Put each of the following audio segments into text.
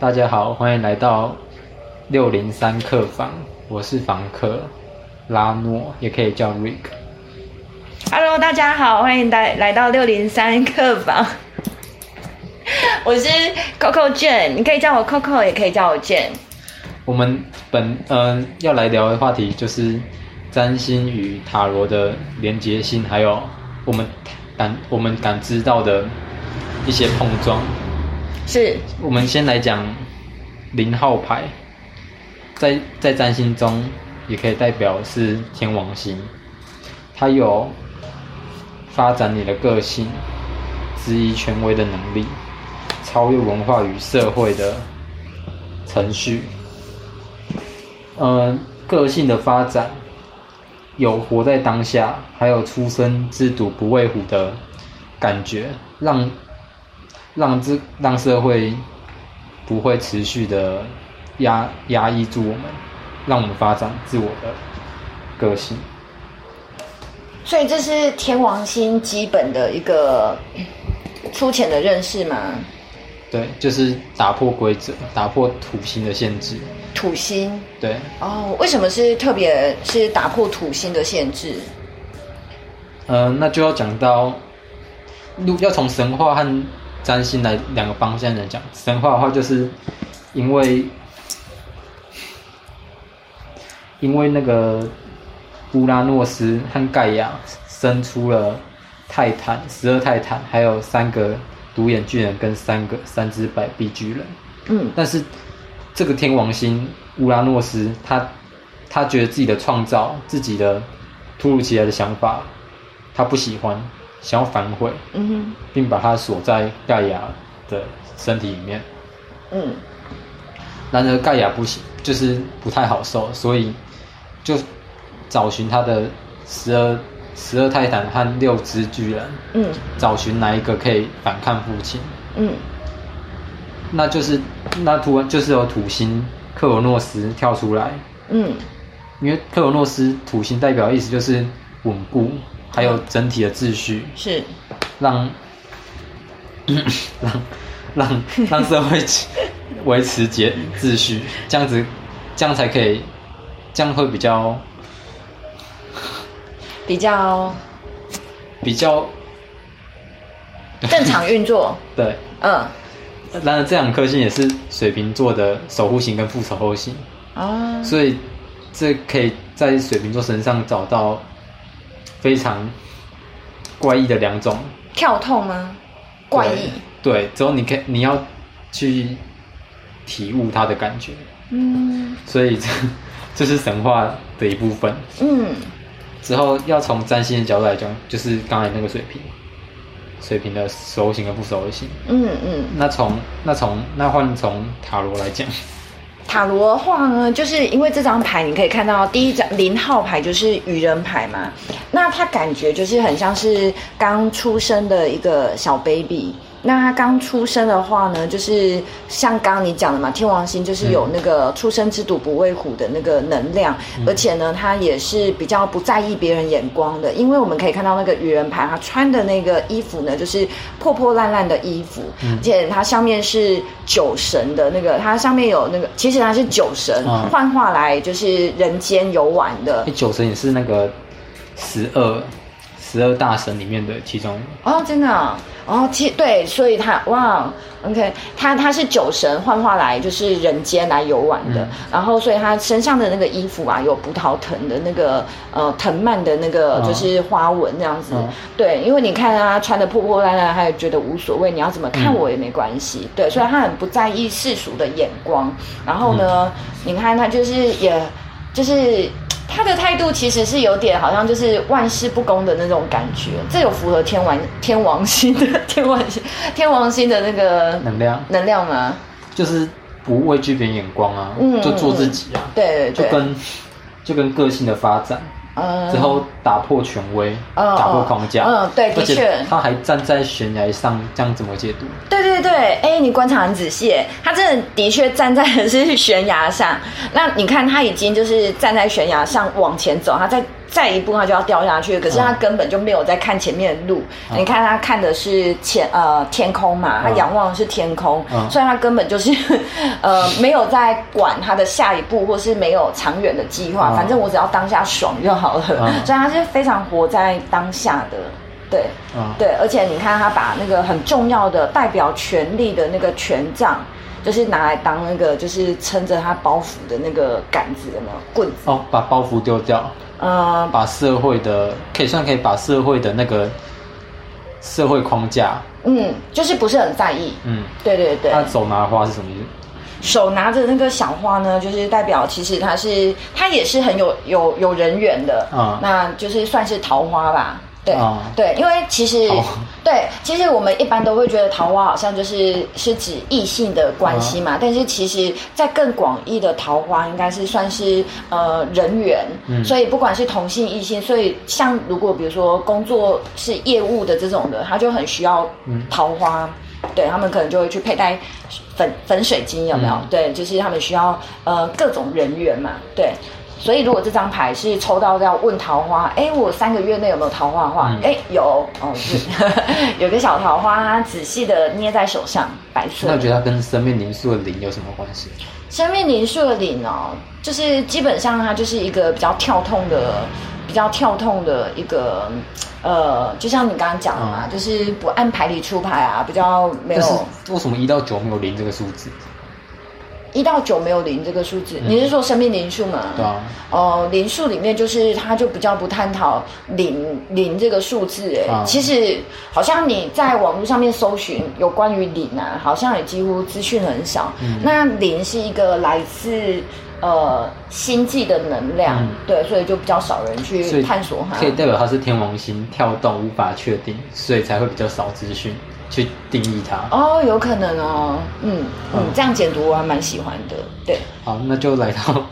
大家好，歡迎來到六零三客房，我是房客拉諾，也可以叫 Rick。Hello，大家好，歡迎來來到六零三客房， 我是 Coco Jane，你可以叫我 Coco，也可以叫我 Jane。我們本嗯、呃、要來聊的話題就是占星與塔羅的連結性，還有我們感我們感知到的一些碰撞。是我們先來講零號牌，在在占星中也可以代表是天王星，它有發展你的個性、質疑權威的能力、超越文化與社會的程序。嗯、呃，個性的發展有活在當下，還有出“初生之犢不畏虎”的感覺，讓。讓這讓社會不會持續的壓壓抑住我們，讓我們發展自我的個性。所以這是天王星基本的一個粗淺的認識嘛？對，就是打破規則，打破土星的限制。土星對哦，為什麼是特別是打破土星的限制？嗯，那就要講到路，如果要從神話和。占星的兩個方向來講，神話的話，就是因為因為那個烏拉諾斯和蓋亞生出了泰坦十二泰坦，還有三個獨眼巨人跟三個三只百臂巨人。嗯，但是這個天王星烏拉諾斯，他他覺得自己的創造，自己的突如其來的想法，他不喜歡。想要反悔，嗯、哼並把他鎖在蓋亞的身體裡面。嗯，然而蓋亞不行，就是不太好受，所以就找尋他的十二十二泰坦和六隻巨人。嗯，找尋哪一個可以反抗父親？嗯，那就是那突然就是有土星克爾諾斯跳出來。嗯，因為克爾諾斯土星代表的意思就是穩固。嗯還有整體的秩序，是讓、嗯、讓讓讓社會維持節秩序，這樣子這樣才可以，這樣會比較比較比較正常運作。對，嗯。然而這兩顆星也是水瓶座的守護星跟副守護星哦、啊，所以這可以在水瓶座身上找到。非常怪異的兩種跳痛嗎？怪異。對，對，之後你可以你要去體悟它的感覺，嗯，所以這這是神話的一部分，嗯，之後要從占星的角度來講，就是剛才那個水瓶，水瓶的熟型和不熟型，嗯嗯，那從那從那換從塔羅來講。塔羅的話呢，就是因為這張牌，你可以看到第一張零號牌就是愚人牌嘛，那它感覺就是很像是剛出生的一個小 baby。那他剛出生的話呢，就是像剛剛你講的嘛，天王星就是有那個初生之犢，不畏虎的那個能量，嗯，而且呢，他也是比較不在意別人眼光的，因為我們可以看到那個愚人牌，他穿的那個衣服呢，就是破破爛爛的衣服，嗯，而且他上面是酒神的那個，他上面有那個，其實他是酒神幻，嗯，化來就是人間遊玩的，嗯欸，酒神也是那個十二。十二大神裡面的其中哦，真的哦，哦其對，所以他哇，OK，他他是酒神幻化來就是人間來遊玩的、嗯，然後所以他身上的那個衣服啊，有葡萄藤的那個呃藤蔓的那個就是花紋這樣子，哦哦、對，因為你看他穿的破破爛爛，他也覺得無所謂，你要怎麼看我也沒關係，嗯、對，所以他很不在意世俗的眼光，然後呢，嗯、你看他就是也就是。他的態度其實是有點好像就是玩世不恭的那種感覺，這有符合天王天王星的天王星天王星的那個能量能量嗎？就是不畏懼別人眼光啊，嗯，就做自己啊，對，對，對，就跟就跟個性的發展。之後打破權威，uh, uh, uh, 打破框架。嗯、uh, uh, 對，的確，他還站在懸崖上，uh, 這樣怎麼解讀？對對對，哎，你觀察很仔細，他真的的確站在的是懸崖上。那你看，他已經就是站在懸崖上往前走，他在。再一步，他就要掉下去。可是他根本就沒有在看前面的路。嗯、你看他看的是前呃天空嘛，嗯，他仰望的是天空。嗯，所以他根本就是呃沒有在管他的下一步，或是沒有長遠的計劃，嗯。反正我只要當下爽就好了，嗯。所以他是非常活在當下的。對，嗯、對。而且你看他把那個很重要的代表權力的那個權杖，就是拿來當那個就是撐着他包袱的那個桿子有沒有？棍子。哦，把包袱丟掉。嗯，把社會的可以算可以把社會的那個社會框架，嗯，就是不是很在意，嗯，對對對。那、啊、手拿花是什麼意思？手拿着那個小花呢，就是代表其實它是它也是很有有有人緣的，啊、嗯，那就是算是桃花吧。對、oh. 對，因為其實、oh. 對，其實我們一般都會覺得桃花好像就是是指異性的關係嘛，oh. 但是其實在更廣義的桃花應該是算是呃人緣、嗯，所以不管是同性異性，所以像如果比如說工作是業務的這種的，他就很需要桃花，嗯、對他們可能就會去佩戴粉粉水晶有沒有、嗯？對，就是他們需要呃各種人緣嘛，對。所以，如果這張牌是抽到要問桃花，哎，我三個月內有沒有桃花的話，哎、嗯，有，哦，是 有個小桃花，它仔細的捏在手上，白色。那你覺得它跟生命靈數的零有什麼關係？生命靈數的零哦，就是基本上它就是一個比較跳動的，比較跳動的一個，呃，就像你剛剛講的嘛、嗯，就是不按牌理出牌啊，比較沒有。是為什麼一到九沒有零這個數字？一到九沒有零這個數字，你是說生命零數嗎、嗯？對啊。哦、呃，零數裡面就是它就比較不探討零零這個數字、嗯。其實好像你在網絡上面搜尋有關於零南、啊，好像也幾乎資訊很少、嗯。那零是一個來自呃星際的能量、嗯，對，所以就比較少人去探索它。所以可以代表它是天王星跳動，無法確定，所以才會比較少資訊。去定義它哦，有可能哦，嗯嗯，嗯，這樣解讀我還蠻喜歡的，對。好，那就來到，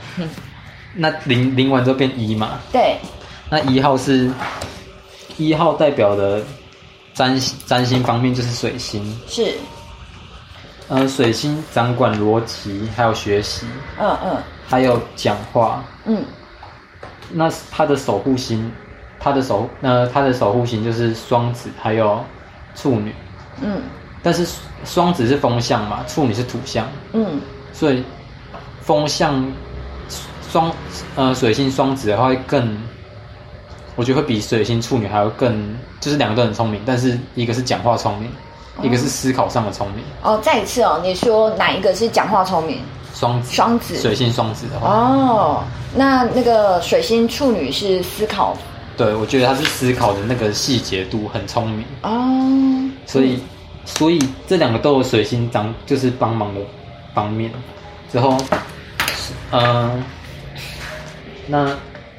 那零零完之後變一嘛，對。那一號是一號代表的占占星方面就是水星，是，呃，水星掌管邏輯，還有學習，嗯嗯，還有講話，嗯。那他的守護星，他的守那他的守護星就是雙子，還有處女。嗯，但是雙子是風象嘛，處女是土象，嗯，所以風象雙、雙呃水星雙子的話會更，我覺得會比水星處女還會更，就是兩個都很聰明，但是一個是講話聰明。哦，一個是思考上的聰明。哦，再一次哦，你說哪一個是講話聰明？雙子。雙子水星雙子的話。哦，嗯、那那個水星處女是思考。對，我覺得他是思考的那個細節度很聰明。哦。所以，所以這兩個都有水星，就是幫忙的方面。之後，嗯、呃，那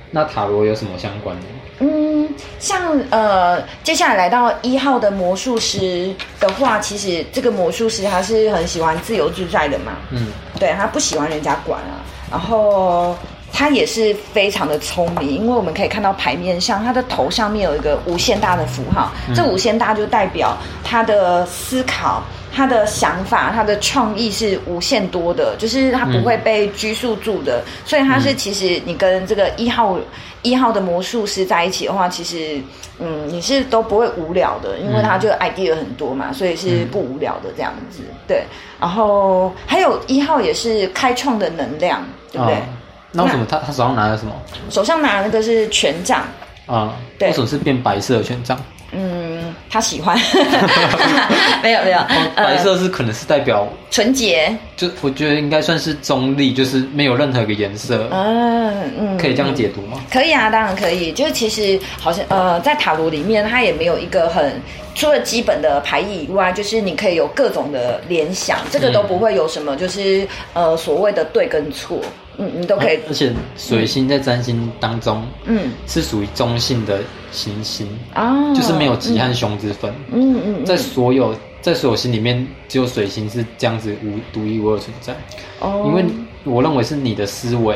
那塔羅有什麼相關的？嗯，像呃，接下來來到一號的魔術師的話，其實這個魔術師他是很喜歡自由自在的嘛。嗯，對他不喜歡人家管啊。然後。他也是非常的聰明，因為我們可以看到牌面上，他的頭上面有一個無限大的符號，嗯、這無限大就代表他的思考、他的想法、他的創意是無限多的，就是他不會被拘束住的。嗯、所以他是，其實你跟這個一號一號的魔術師在一起的話，其實嗯，你是都不會無聊的，因為他就 idea 很多嘛，所以是不無聊的這樣子。嗯、對，然後還有一號也是開創的能量，對不對？哦那為什麼他他手上拿的什麼？手上拿那個是權杖啊、嗯，對，手是變白色的權杖。嗯，他喜歡， 沒有沒有、哦呃，白色是可能是代表純潔。就我覺得應該算是中立，就是沒有任何一個顏色嗯嗯，可以這樣解讀嗎？可以啊，當然可以。就是其實好像呃，在塔羅裡面，它也沒有一個很除了基本的牌意以外，就是你可以有各種的聯想，這個都不會有什麼就是呃所謂的對跟錯。嗯，你都可以、啊。而且水星在占星當中，嗯，是屬於中性的行星啊、嗯，就是沒有吉和凶之分。嗯嗯，嗯，嗯，在所有在所有星裡面，只有水星是這樣子無獨一無二存在。哦，因為我認為是你的思維，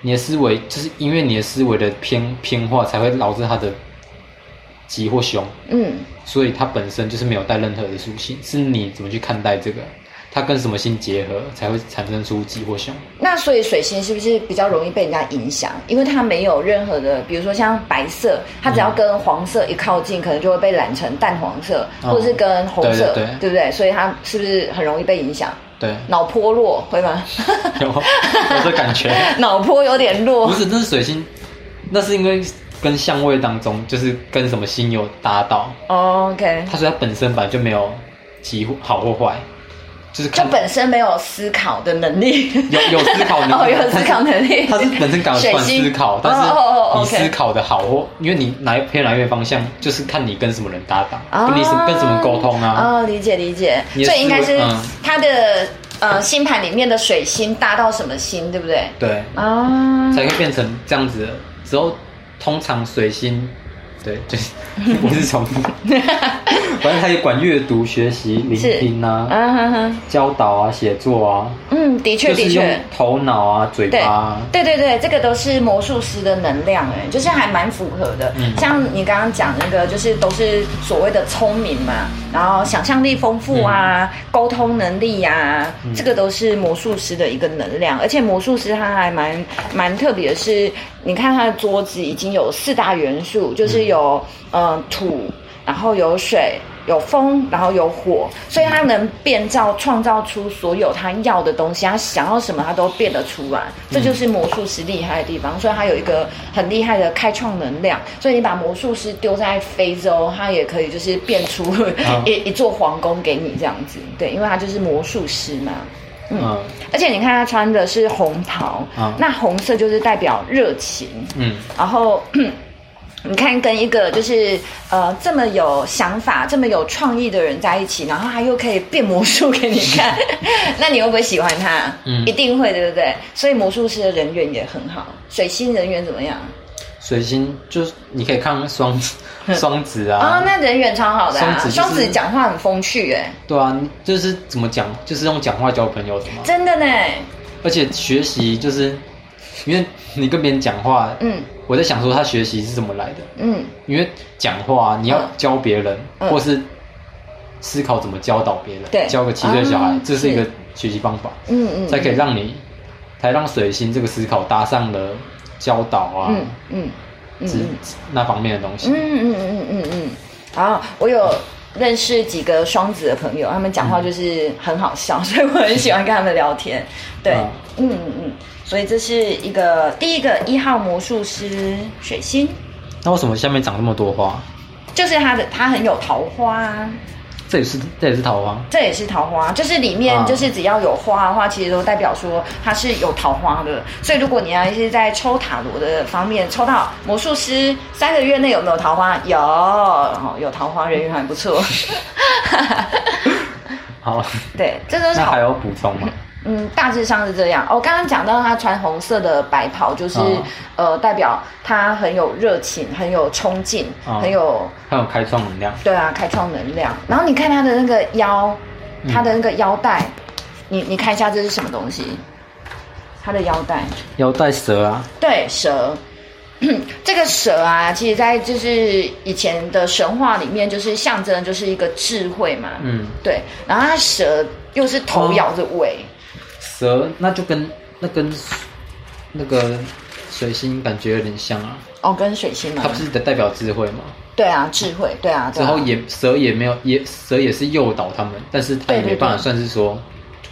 你的思維，就是因為你的思維的偏偏化，才會導致它的吉或凶。嗯，所以它本身就是沒有帶任何的屬性，是你怎麼去看待這個？它跟什麼星結合才會產生出吉或凶？那所以水星是不是比較容易被人家影響？因為它沒有任何的，比如說像白色，它只要跟黃色一靠近，嗯、可能就會被染成淡黃色，嗯、或者是跟紅色對對對，對不對？所以它是不是很容易被影響？對，腦波弱，會嗎？有， 有這感覺，腦 波有點弱。不是，那是水星，那是因為跟相位當中就是跟什麼星有搭到。哦、oh, OK，它說它本身本來就沒有吉好或壞。就是他本身沒有思考的能力， 有有思考能力， 哦有思考能力，他本身剛好會思考，但是你思考的好哦，oh, oh, okay. 因為你哪一偏哪一方向，就是看你跟什麼人搭檔，oh, 跟你什麼跟什麼溝通啊，哦、oh, 理解理解，所以應該是他的、嗯、呃星盤裡面的水星搭到什麼星，對不對？對啊、oh,，才會變成這樣子。之後通常水星。對，就是我是從， 反正他也管閱讀、學習、聆聽啊，uh、-huh -huh. 教導啊、寫作啊。嗯，的確的確，就是、用頭腦啊、嘴巴、啊對。對對對，這個都是魔術師的能量哎，就是還蠻符合的、嗯。像你剛剛講那個，就是都是所謂的聰明嘛，然後想象力豐富啊，嗯、溝通能力呀、啊嗯，這個都是魔術師的一個能量。而且魔術師他還蠻蠻特別的是，你看他的桌子已經有四大元素，就是有。有嗯土，然後有水，有風，然後有火，所以他能變造創造出所有他要的東西，他想要什麼他都變得出來，這就是魔術師厲害的地方。所以他有一個很厲害的開創能量，所以你把魔術師丟在非洲，他也可以就是變出一、uh. 一，一座皇宮給你這樣子，對，因為他就是魔術師嘛。嗯，uh. 而且你看他穿的是紅袍，uh. 那紅色就是代表熱情，嗯，uh. 然後。 你看，跟一個就是呃這麼有想法、這麼有創意的人在一起，然後他又可以變魔術給你看， 那你會不會喜歡他？嗯，一定會，對不對？所以魔術師的人緣也很好。水星人緣怎麼樣？水星就是你可以看雙，雙子啊。啊、 哦，那人緣超好的、啊。雙子、就是，雙子講話很風趣，哎。對啊，就是怎麼講，就是用講話交朋友的嘛。真的呢。而且學習就是。因為你跟別人講話，嗯，我在想說他學習是怎麼來的，嗯，因為講話你要教別人、嗯，或是思考怎麼教導別人，對、嗯，教個七歲小孩、嗯，這是一個學習方法，嗯嗯，才可以讓你，才讓水星這個思考搭上了教導啊，嗯嗯嗯，那方面的東西，嗯嗯嗯嗯嗯嗯。然後、嗯嗯嗯，我有認識幾個雙子的朋友，他們講話就是很好笑，嗯、所以我很喜歡跟他們聊天。對，嗯嗯嗯。嗯所以這是一個第一個一號魔術師水星。那為什麼下面長那麼多花？就是它的，它很有桃花。這也是這也是桃花，這也是桃花。就是裡面就是只要有花的話，其實都代表說它是有桃花的。所以如果你要一直在抽塔羅的方面，抽到魔術師三個月內有沒有桃花？有，然後有桃花，人緣還不錯。好，對，這都是。 那還有補充嗎？嗯，大致上是這樣。我剛剛講到他穿紅色的白袍，就是、哦、呃，代表他很有熱情，很有衝勁、哦，很有很有開創能量。對啊，開創能量。然後你看他的那個腰，嗯、他的那個腰帶，你你看一下這是什麼東西？他的腰帶，腰帶蛇啊。對，蛇。 這個蛇啊，其實在就是以前的神話裡面，就是象徵就是一個智慧嘛。嗯，對。然後他蛇又是頭咬着尾。哦蛇那就跟那跟那個水星感覺有點像啊。哦，跟水星嘛、啊。它不是代表智慧嗎？對啊，智慧，對啊。然後也蛇也沒有，也蛇也是誘導他們，但是他也沒辦法算是說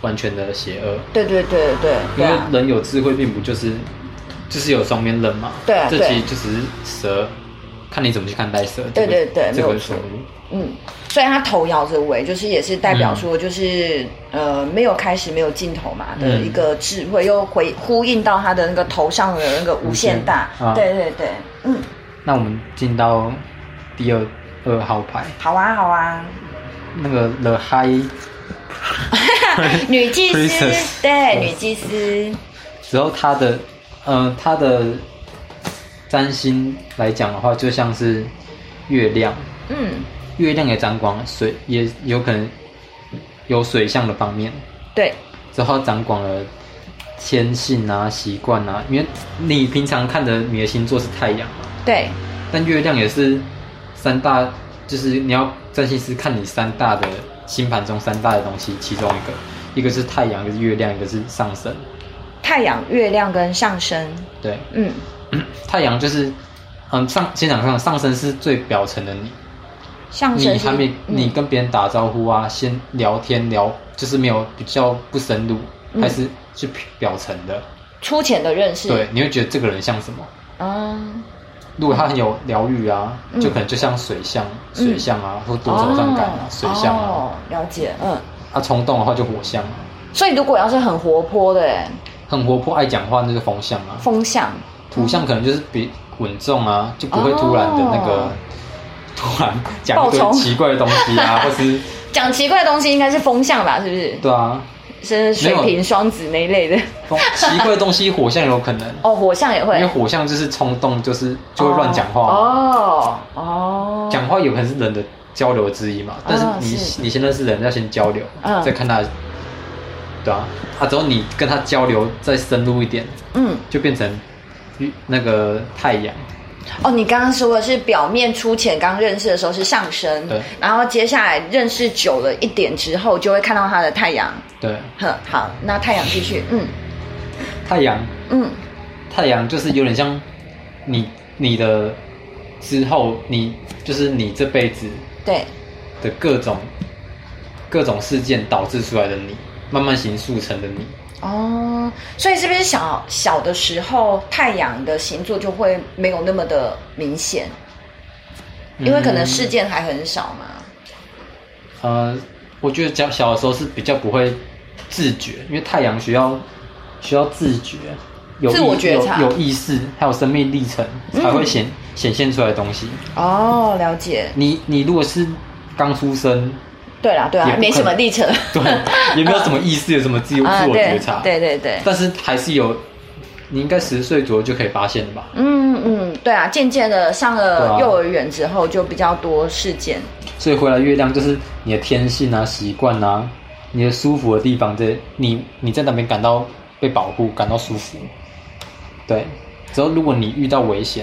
完全的邪惡。對對對對，對，對，對。因為人有智慧並不就是就是有雙面刃嘛。對啊，這其實就是蛇。看你怎麼去看待色，這個、對對對，這個、沒有所謂。嗯，所以他頭搖着尾，就是也是代表說，就是、嗯、呃，沒有開始沒有盡頭嘛的一個智慧，嗯、又回呼應到他的那個頭上的那個無限大。限啊、對對對，嗯。那我們進到第二二號牌，好啊好啊，那個 The High 女祭司， 對女祭司、哦，然後他的，嗯、呃，他的。占星來講的話，就像是月亮，嗯，月亮也掌管水，也有可能有水象的方面。對，之後掌管了天性啊、習慣啊，因為你平常看的你的星座是太陽嘛。對。但月亮也是三大，就是你要占星是看你三大的星盤中三大的東西，其中一個，一個是太陽，一個是月亮，一個是上升。太陽、月亮跟上升。對，嗯。嗯、太陽就是，嗯，上、先講上、上升是最表層的你，你還沒、嗯、你跟別人打招呼啊，先聊天聊就是沒有比較不深入，嗯、還是是表層的、粗淺的認識。對，你會覺得這個人像什麼？嗯、啊，如果他很有療癒啊、嗯，就可能就像水象、水象啊，嗯、或多愁善感啊，嗯、水象、啊、哦，了解，嗯。他、啊、衝動的話就火象、啊，所以如果要是很活潑的，很活潑愛講話，那就是風象啊，風象。土象可能就是比穩重啊，就不會突然的那個、oh, 突然講一堆奇怪的東西啊，或是講 奇怪的東西應該是風象吧？是不是？對啊，是水瓶雙子那一類的 奇怪的東西。火象有可能哦，oh, 火象也會，因為火象就是衝動，就是就會亂講話哦哦，講、oh, oh. 話有可能是人的交流之一嘛。Oh, 但是你、oh. 你先認識人，要先交流，oh, 再看他、uh. 對啊，他、啊、只要你跟他交流再深入一點，嗯、oh.，就變成。那個太陽，哦，你剛剛說的是表面粗淺，剛認識的時候是上升，對，然後接下來認識久了一點之後，就會看到它的太陽，對，哼，好，那太陽繼續，嗯，太陽，嗯，太陽就是有點像你，你的之後，你就是你這輩子對的各種各種事件導致出來的你，慢慢形塑成的你。哦，所以是不是小小的時候太陽的星座就會沒有那麼的明顯？因為可能事件還很少嘛、嗯。呃，我覺得較小，小的時候是比較不會自覺，因為太陽需要需要自覺，有自我覺察有、有意識，還有生命歷程才會顯顯、嗯、現出來的東西。哦，了解。你你如果是剛出生。對啦，對啊，沒什麼歷程，對， 也沒有什麼意思，啊、有什麼自自我覺察，啊、對對對，但是還是有，你應該十歲左右就可以發現了吧？嗯嗯，對啊，漸漸的上了幼兒園之後，就比較多事件，啊。所以回來月亮就是你的天性啊，習慣啊，你的舒服的地方，在你你在那邊感到被保護，感到舒服。對，只要如果你遇到危險。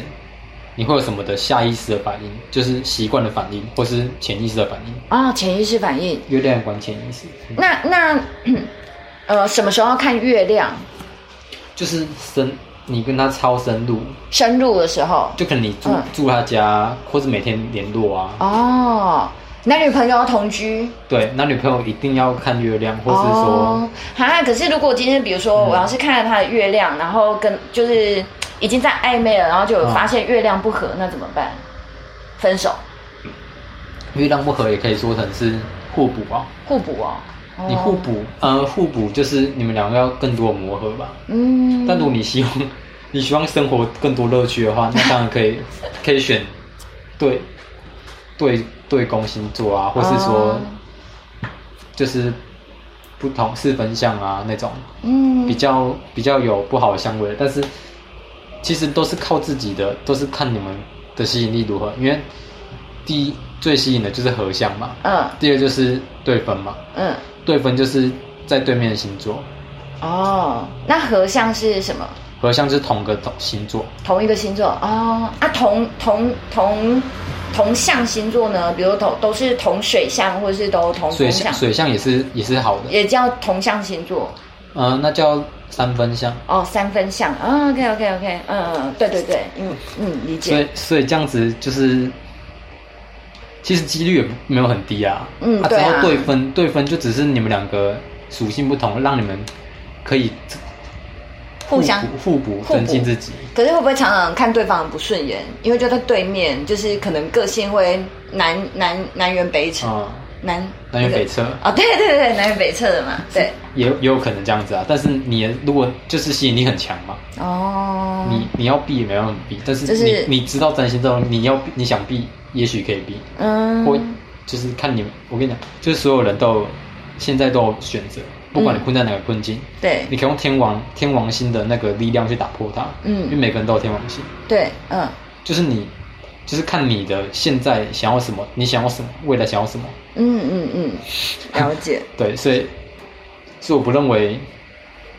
你會有什麼的下意識的反應？就是習慣的反應，或是潛意識的反應？啊、哦，潛意識反應。月亮管潛意識。那那呃，什麼時候要看月亮？就是深，你跟他超深入深入的時候，就可能你住、嗯、住他家，或是每天聯絡啊。哦，男女朋友要同居。對，男女朋友一定要看月亮，或是說哈、哦啊，可是如果今天，比如說我要是看了他的月亮，嗯、然後跟就是。已經在曖昧了，然後就有發現月亮不合、嗯，那怎麼辦？分手。月亮不合也可以說成是互補啊，互補啊、哦。你互補、哦，呃，互補就是你們兩個要更多磨合吧。嗯。但如果你希望你希望生活更多樂趣的話，那當然可以 可以選對對對宮星座啊，或是說、哦、就是不同四分相啊那種。嗯。比較比較有不好的相位。但是。其實都是靠自己的，都是看你們的吸引力如何。因為第一最吸引的就是合相嘛，嗯。第二就是對分嘛，嗯。對分就是在對面的星座。哦，那合相是什麼？合相是同個星座，同一個星座、哦、啊同。同同同同象星座呢？比如同都是同水象，或是都同水象，水象也是也是好的，也叫同象星座。嗯，那叫。三分相哦，三分相啊、哦、，OK OK OK，嗯嗯，對對對，嗯嗯，理解。所以所以這樣子就是，其實幾率也沒有很低啊。嗯，啊、對，然後、啊、對分對分就只是你們兩個屬性不同，讓你們可以互,互相互補，增進自己。可是會不會常常看對方很不順眼？因為覺得對面就是可能個性會南南南轅北轍。哦南、那個、南轅北轍啊、哦，對對對，南轅北轍的嘛，對， 也也有，有可能這樣子啊。但是你也如果就是吸引力很強嘛，哦，你你要避也沒辦法避，但是你、就是、你知道占星這種，你要你想避，也許可以避，嗯，或就是看你，我跟你講，就是所有人都有現在都有選擇，不管你困在哪個困境、嗯，對，你可以用天王天王星的那個力量去打破它，嗯，因為每個人都有天王星，對，嗯，就是你。就是看你的現在想要什麼，你想要什麼，未來想要什麼？嗯嗯嗯，了解。 對，所以是我不認為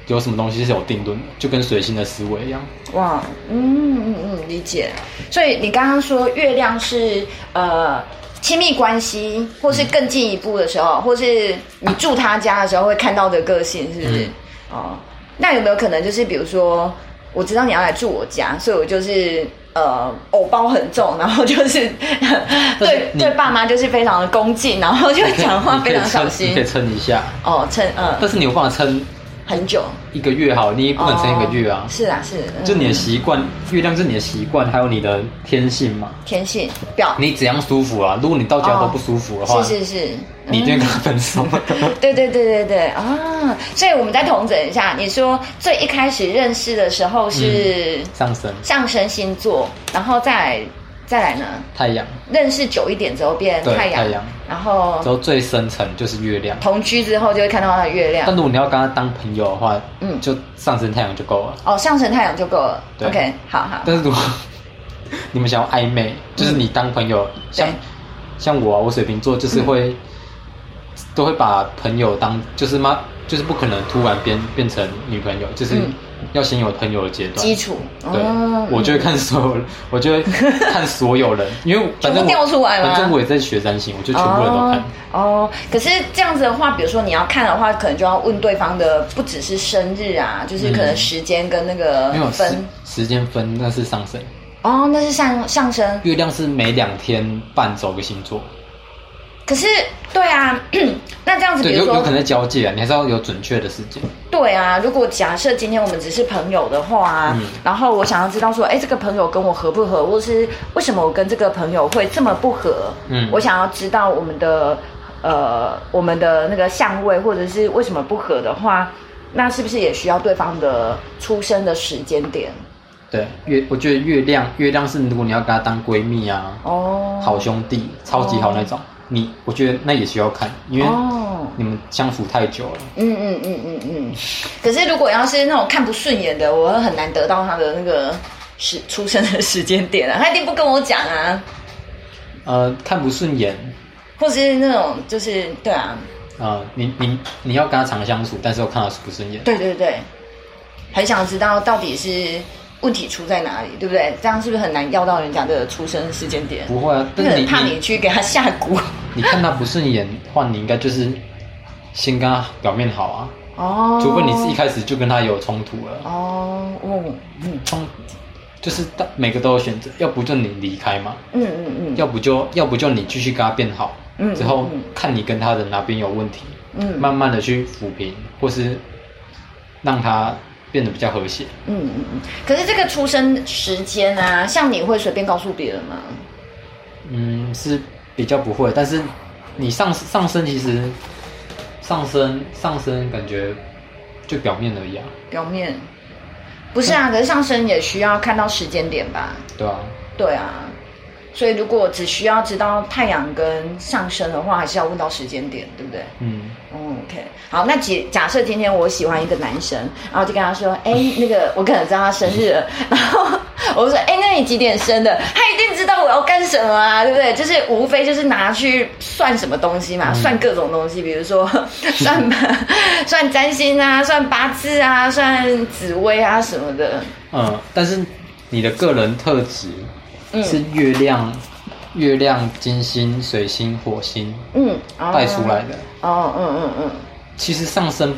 有什麼東西是有定論的，就跟水星的思維一樣。哇，嗯嗯嗯，理解。所以你剛剛說月亮是呃親密關係，或是更進一步的時候，嗯，或是你住他家的時候會看到的個性，啊、是不是、嗯？哦，那有沒有可能就是比如說，我知道你要來住我家，所以我就是。呃，偶包很重，然後就是，是對對，爸媽就是非常的恭敬，然後就講話非常小心，可以撐一下哦，撐嗯、呃，但是你有話撐。很久一個月哈，你不能撐一個月啊！哦、是啊，是啊，就你的習慣、嗯，月亮是你的習慣，還有你的天性嘛，天性表，你怎樣舒服啊？如果你到家都不舒服的話，哦、是是是，嗯、你這個粉絲。對對對對對，對，對啊！所以我們再統整一下，你說最一開始認識的時候是上升、嗯、上升星座，然後再。再來呢？太陽認識久一點之後變太陽，然後之後最深層就是月亮。同居之後就會看到他的月亮。但如果你要跟他當朋友的話，嗯，就上升太陽就夠了。哦，上升太陽就夠了。對，OK，好好。但是如果你們想要曖昧，嗯，就是你當朋友，像像我，啊，我水瓶座就是會，嗯，都會把朋友當就是媽，就是不可能突然變變成女朋友，就是。嗯要先有朋友的階段，基礎對、哦。我就會看所有、嗯，我就會看所有人， 因為反正我掉出來了，反正我也在學占星，我就全部人都看哦。哦，可是這樣子的話，比如說你要看的話，可能就要問對方的不只是生日啊，就是可能時間跟那個分、嗯、沒有時，時間分那是上升。哦，那是上上升，月亮是每兩天半走個星座。可是，對啊， 那這樣子，比如說有，有可能在交界啊，你還是要有準確的時間。對啊，如果假設今天我們只是朋友的話，啊嗯，然後我想要知道說，哎，欸，這個朋友跟我合不合，或者是為什麼我跟這個朋友會這麼不合？嗯，我想要知道我們的呃我們的那個相位，或者是為什麼不合的話，那是不是也需要對方的出生的時間點？對，月我覺得月亮，月亮是你如果你要跟他當閨蜜啊，哦，好兄弟，超級好那種。哦你我覺得那也需要看，因為你們相處太久了。哦、嗯嗯嗯嗯嗯。可是如果要是那種看不順眼的，我會很難得到他的那個時出生的時間點啊，他一定不跟我講啊。呃，看不順眼，或是那種就是對啊。啊、呃，你你你要跟他常相處，但是我看他不順眼。對對對，很想知道到底是。問題出在哪裡，對不對？這樣是不是很難要到人家的出生時間點？不會啊，但是你，你怕你去給他下蠱，你看他不順眼， 的話你應該就是先跟他表面好啊。哦、oh。除非你是一開始就跟他有衝突了。哦哦。衝，就是每個都有選擇，要不就你離開嘛。嗯嗯嗯。要不就，要不就你繼續跟他變好。嗯。之後看你跟他的哪邊有問題，嗯，慢慢的去撫平，或是讓他。變得比較和諧。嗯嗯，可是這個出生時間啊，像你會隨便告訴別人嗎？嗯，是比較不會。但是你上上升，其實上升，上升感覺就表面而已啊。表面不是啊，嗯、可是上升也需要看到時間點吧？對啊，對啊。所以，如果只需要知道太陽跟上升的話，還是要問到時間點，對不對？嗯。嗯 OK。好，那假假設今天我喜歡一個男生，然後就跟他說：“哎、欸，那個我可能知道他生日了。嗯”然後我說：“哎、欸，那你幾點生的？”他一定知道我要幹什麼啊，對不對？就是無非就是拿去算什麼東西嘛，嗯、算各種東西，比如說算 算占星啊，算八字啊，算紫微啊什麼的。嗯，但是你的個人特質。嗯、是月亮、月亮、金星、水星、火星，嗯，帶出來的。哦，嗯嗯嗯。其實上升，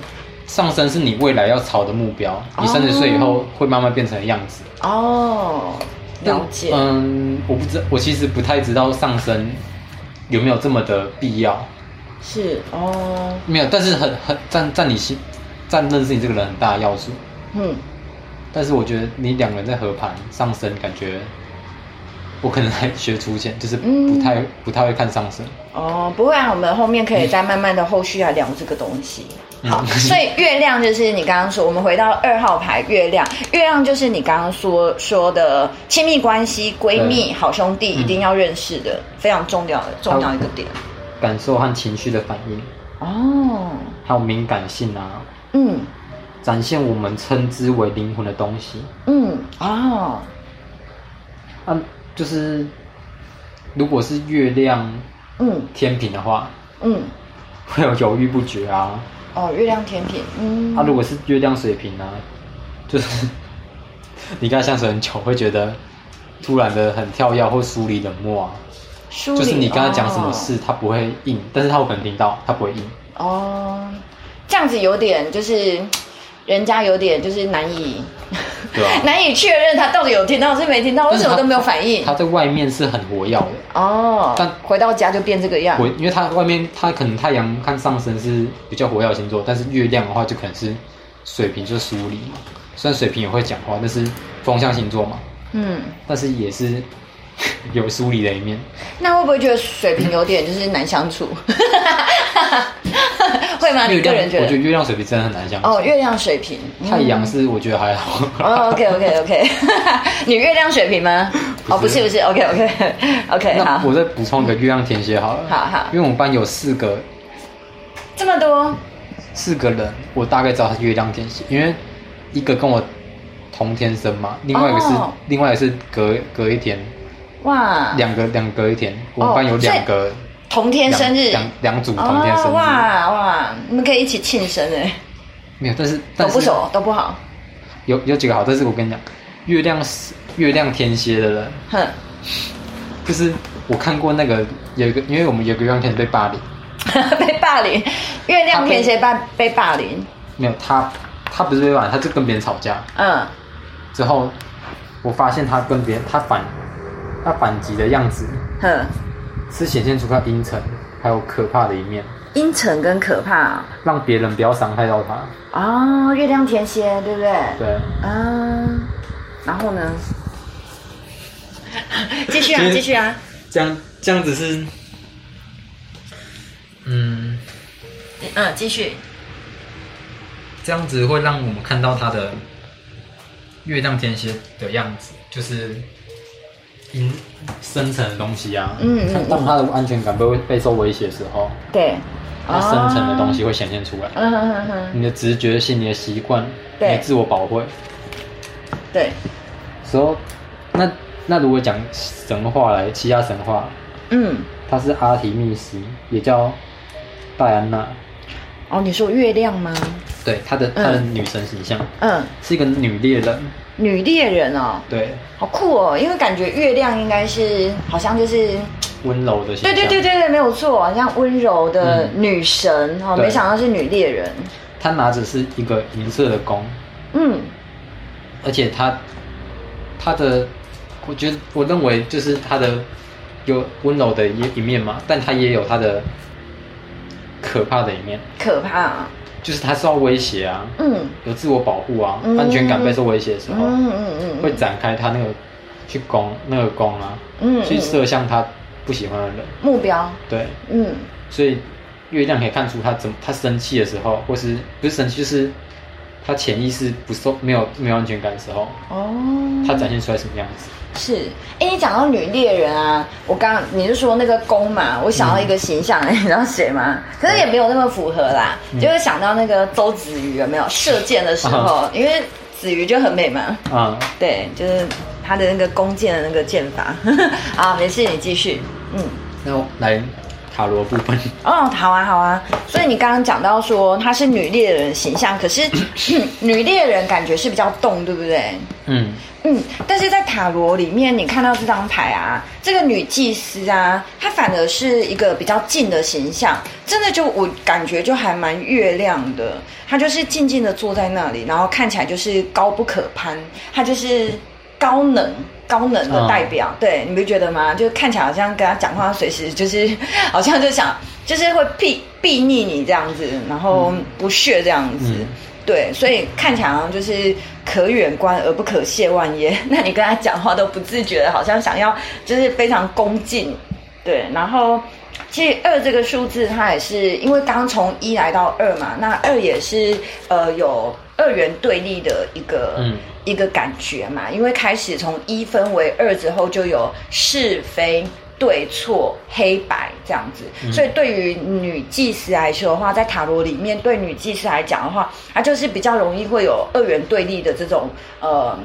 上升是你未來要朝的目標。你三十歲以後會慢慢變成的樣子。哦，了解。嗯，我不知道，我其實不太知道上升有沒有這麼的必要。是哦，沒有，但是很很佔佔你心，佔認識你這個人很大的要素。嗯，但是我覺得你兩個人在合盤上升，感覺。我可能還學初淺，就是不太，嗯、不太會看上升哦。Oh, 不會啊，我們後面可以再慢慢的後續來，啊， 聊這個東西。好， 所以月亮就是你剛剛說，我們回到二號牌月亮，月亮就是你剛剛說說的親密關係、閨蜜、好兄弟一定要認識的，嗯、非常重要的重要一個點。感受和情緒的反應哦，還有敏感性啊，嗯，展現我們稱之為靈魂的東西，嗯啊、哦，嗯。就是，如果是月亮，嗯，天秤的話，嗯，嗯會有猶豫不決啊。哦，月亮天秤，嗯。他、啊、如果是月亮水瓶啊，就是、嗯、 你跟他相處很久，會覺得突然的很跳躍或疏離冷漠啊。就是你跟他講什麼事，他、哦、不會應，但是他會可能聽到，他不會應。哦，這樣子有點就是，人家有點就是難以。 難以確認他到底有聽到是沒聽到，為什麼都沒有反應？他在外面是很活躍的哦，但回到家就變這個樣。因為他外面他可能太陽看上升是比較活躍星座，但是月亮的話就可能是水瓶，就是疏離嘛。雖然水瓶也會講話，但是風象星座嘛，嗯，但是也是。有疏離的一面，那會不會覺得水瓶有點就是難相處？嗯、 會嗎？你個人覺得？我覺得月亮水瓶真的很難相處。哦，月亮水瓶，太陽是我覺得還好。哦 OK，OK，OK、okay, okay, okay. 你月亮水瓶嗎？哦，不是，不是。OK，OK，OK、okay, okay. okay, 好。我再補充一個月亮天蠍好了。好好。因為我們班有四個，這麼多？四個人，我大概知道是月亮天蠍，因為一個跟我同天生嘛，另外一個是另外一個是隔隔一天。哇！兩個兩個一天，我們班有兩個、哦、同天生日，兩兩,兩組同天生日。哦、哇哇，你們可以一起慶生哎！沒有，但是都不熟，都不好。有有幾個好，但是我跟你講，月亮月亮天蠍的人，哼，就是我看過那個有一個，因為我們有一個月亮天被霸凌， 被霸凌，月亮天蠍被被，被霸凌。沒有他，他不是被霸凌，他就跟別人吵架。嗯，之後我發現他跟別人他反。他反擊的樣子呵，是顯現出他陰沉，還有可怕的一面。陰沉跟可怕、哦，讓別人不要傷害到他啊、哦！月亮天蠍，對不對？對。啊，然後呢？繼續啊，繼續啊。這樣，這樣子是，嗯，嗯，繼續。這樣子會讓我們看到他的月亮天蠍的樣子，就是。因深層的東西啊嗯嗯，嗯，當他的安全感被被受威脅的時候，對，他深層的東西會顯現出來，嗯、啊、你的直覺、心理的習慣、你的自我保護，對，所以，那那如果講神話來，其他神話，嗯，她是阿提密斯，也叫戴安娜，哦，你說月亮嗎？對，她的她的女神形象，嗯，嗯是一個女獵人。女獵人哦，對，好酷哦！因為感覺月亮應該是好像就是溫柔的，對對對對對，沒有錯，好像溫柔的女神、嗯、哦。沒想到是女獵人，她拿着是一個銀色的弓，嗯，而且她她的，我覺得我認為就是她的有溫柔的一一面嘛，但她也有她的可怕的一面，可怕。就是他受到威脅啊，嗯，有自我保護啊、嗯，安全感備受威脅的時候，嗯嗯嗯，會展開他那個去攻那個攻啊，嗯，嗯去射向他不喜歡的人，目標，對，嗯，所以月亮可以看出他怎麼他生氣的時候，或是不是生氣就是他潛意識不受沒有沒有安全感的時候，哦，他展現出來什麼樣子。是，哎，你講到女獵人啊，我剛你是說那個弓嘛，我想到一個形象，嗯，你知道誰嗎？可是也沒有那麼符合啦，嗯，就是想到那個周子瑜有沒有？射箭的時候，啊，因為子瑜就很美嘛，啊，對，就是她的那個弓箭的那個箭法啊， 沒事，你繼續，嗯，那我來塔羅部分，哦，oh,，好啊，好啊，所以你剛剛講到說她是女獵人的形象，可是 女獵人感覺是比較動，對不對？嗯。嗯，但是在塔羅裡面，你看到這張牌啊，這個女祭司啊，她反而是一個比較靜的形象，真的就我感覺就還蠻月亮的。她就是靜靜的坐在那裡，然後看起來就是高不可攀，她就是高冷高冷的代表、哦。對，你不覺得嗎？就看起來好像跟她講話，隨時就是好像就想就是會避避逆你這樣子，然後不屑這樣子。嗯、對，所以看起來好像就是。可遠觀而不可褻玩焉。那你跟他講話都不自覺的，好像想要就是非常恭敬，對。然後其實二這個數字，它也是因為剛從一來到二嘛，那二也是呃有二元對立的一個、嗯、一個感覺嘛，因為開始從一分為二之後就有是非。對錯黑白這樣子、嗯，所以對於女祭司來說的話，在塔羅裡面，對女祭司來講的話，它就是比較容易會有二元對立的這種呃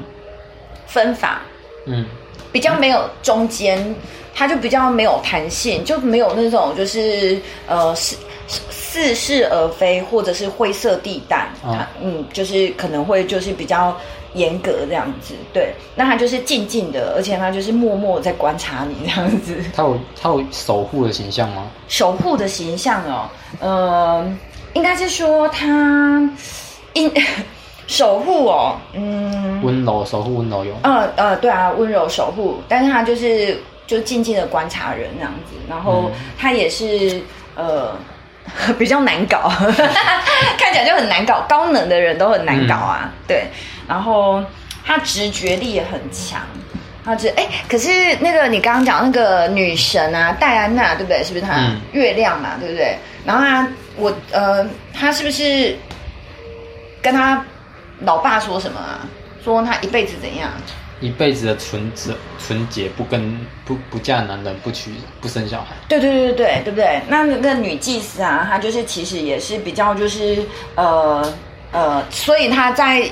分法，嗯，比較沒有中間，它就比較沒有彈性，嗯、就沒有那種就是呃似似是而非或者是灰色地帶，它、哦啊、嗯就是可能會就是比較。嚴格這樣子，對，那他就是靜靜的，而且他就是默默在觀察你這樣子。他有他有守護的形象嗎？守護的形象哦，呃，應該是說他因，應守護哦，嗯，溫柔守護，溫柔用。嗯呃，對啊，溫柔守護，但是他就是就靜靜的觀察人這樣子，然後他也是、嗯、呃比較難搞， 看起來就很難搞，高冷的人都很難搞啊，嗯、對。然後他直覺力也很強，他直哎，可是那個你剛剛講那個女神啊，戴安娜對不對？是不是她、嗯、月亮嘛，對不對？然後她我呃，她是不是跟他老爸說什麼啊？說他一輩子怎樣？一輩子的純潔純，純潔不，不跟不不嫁男人，不娶不生小孩。對對對對對，對不對？那那個女祭司啊，她就是其實也是比較就是呃呃，所以她在。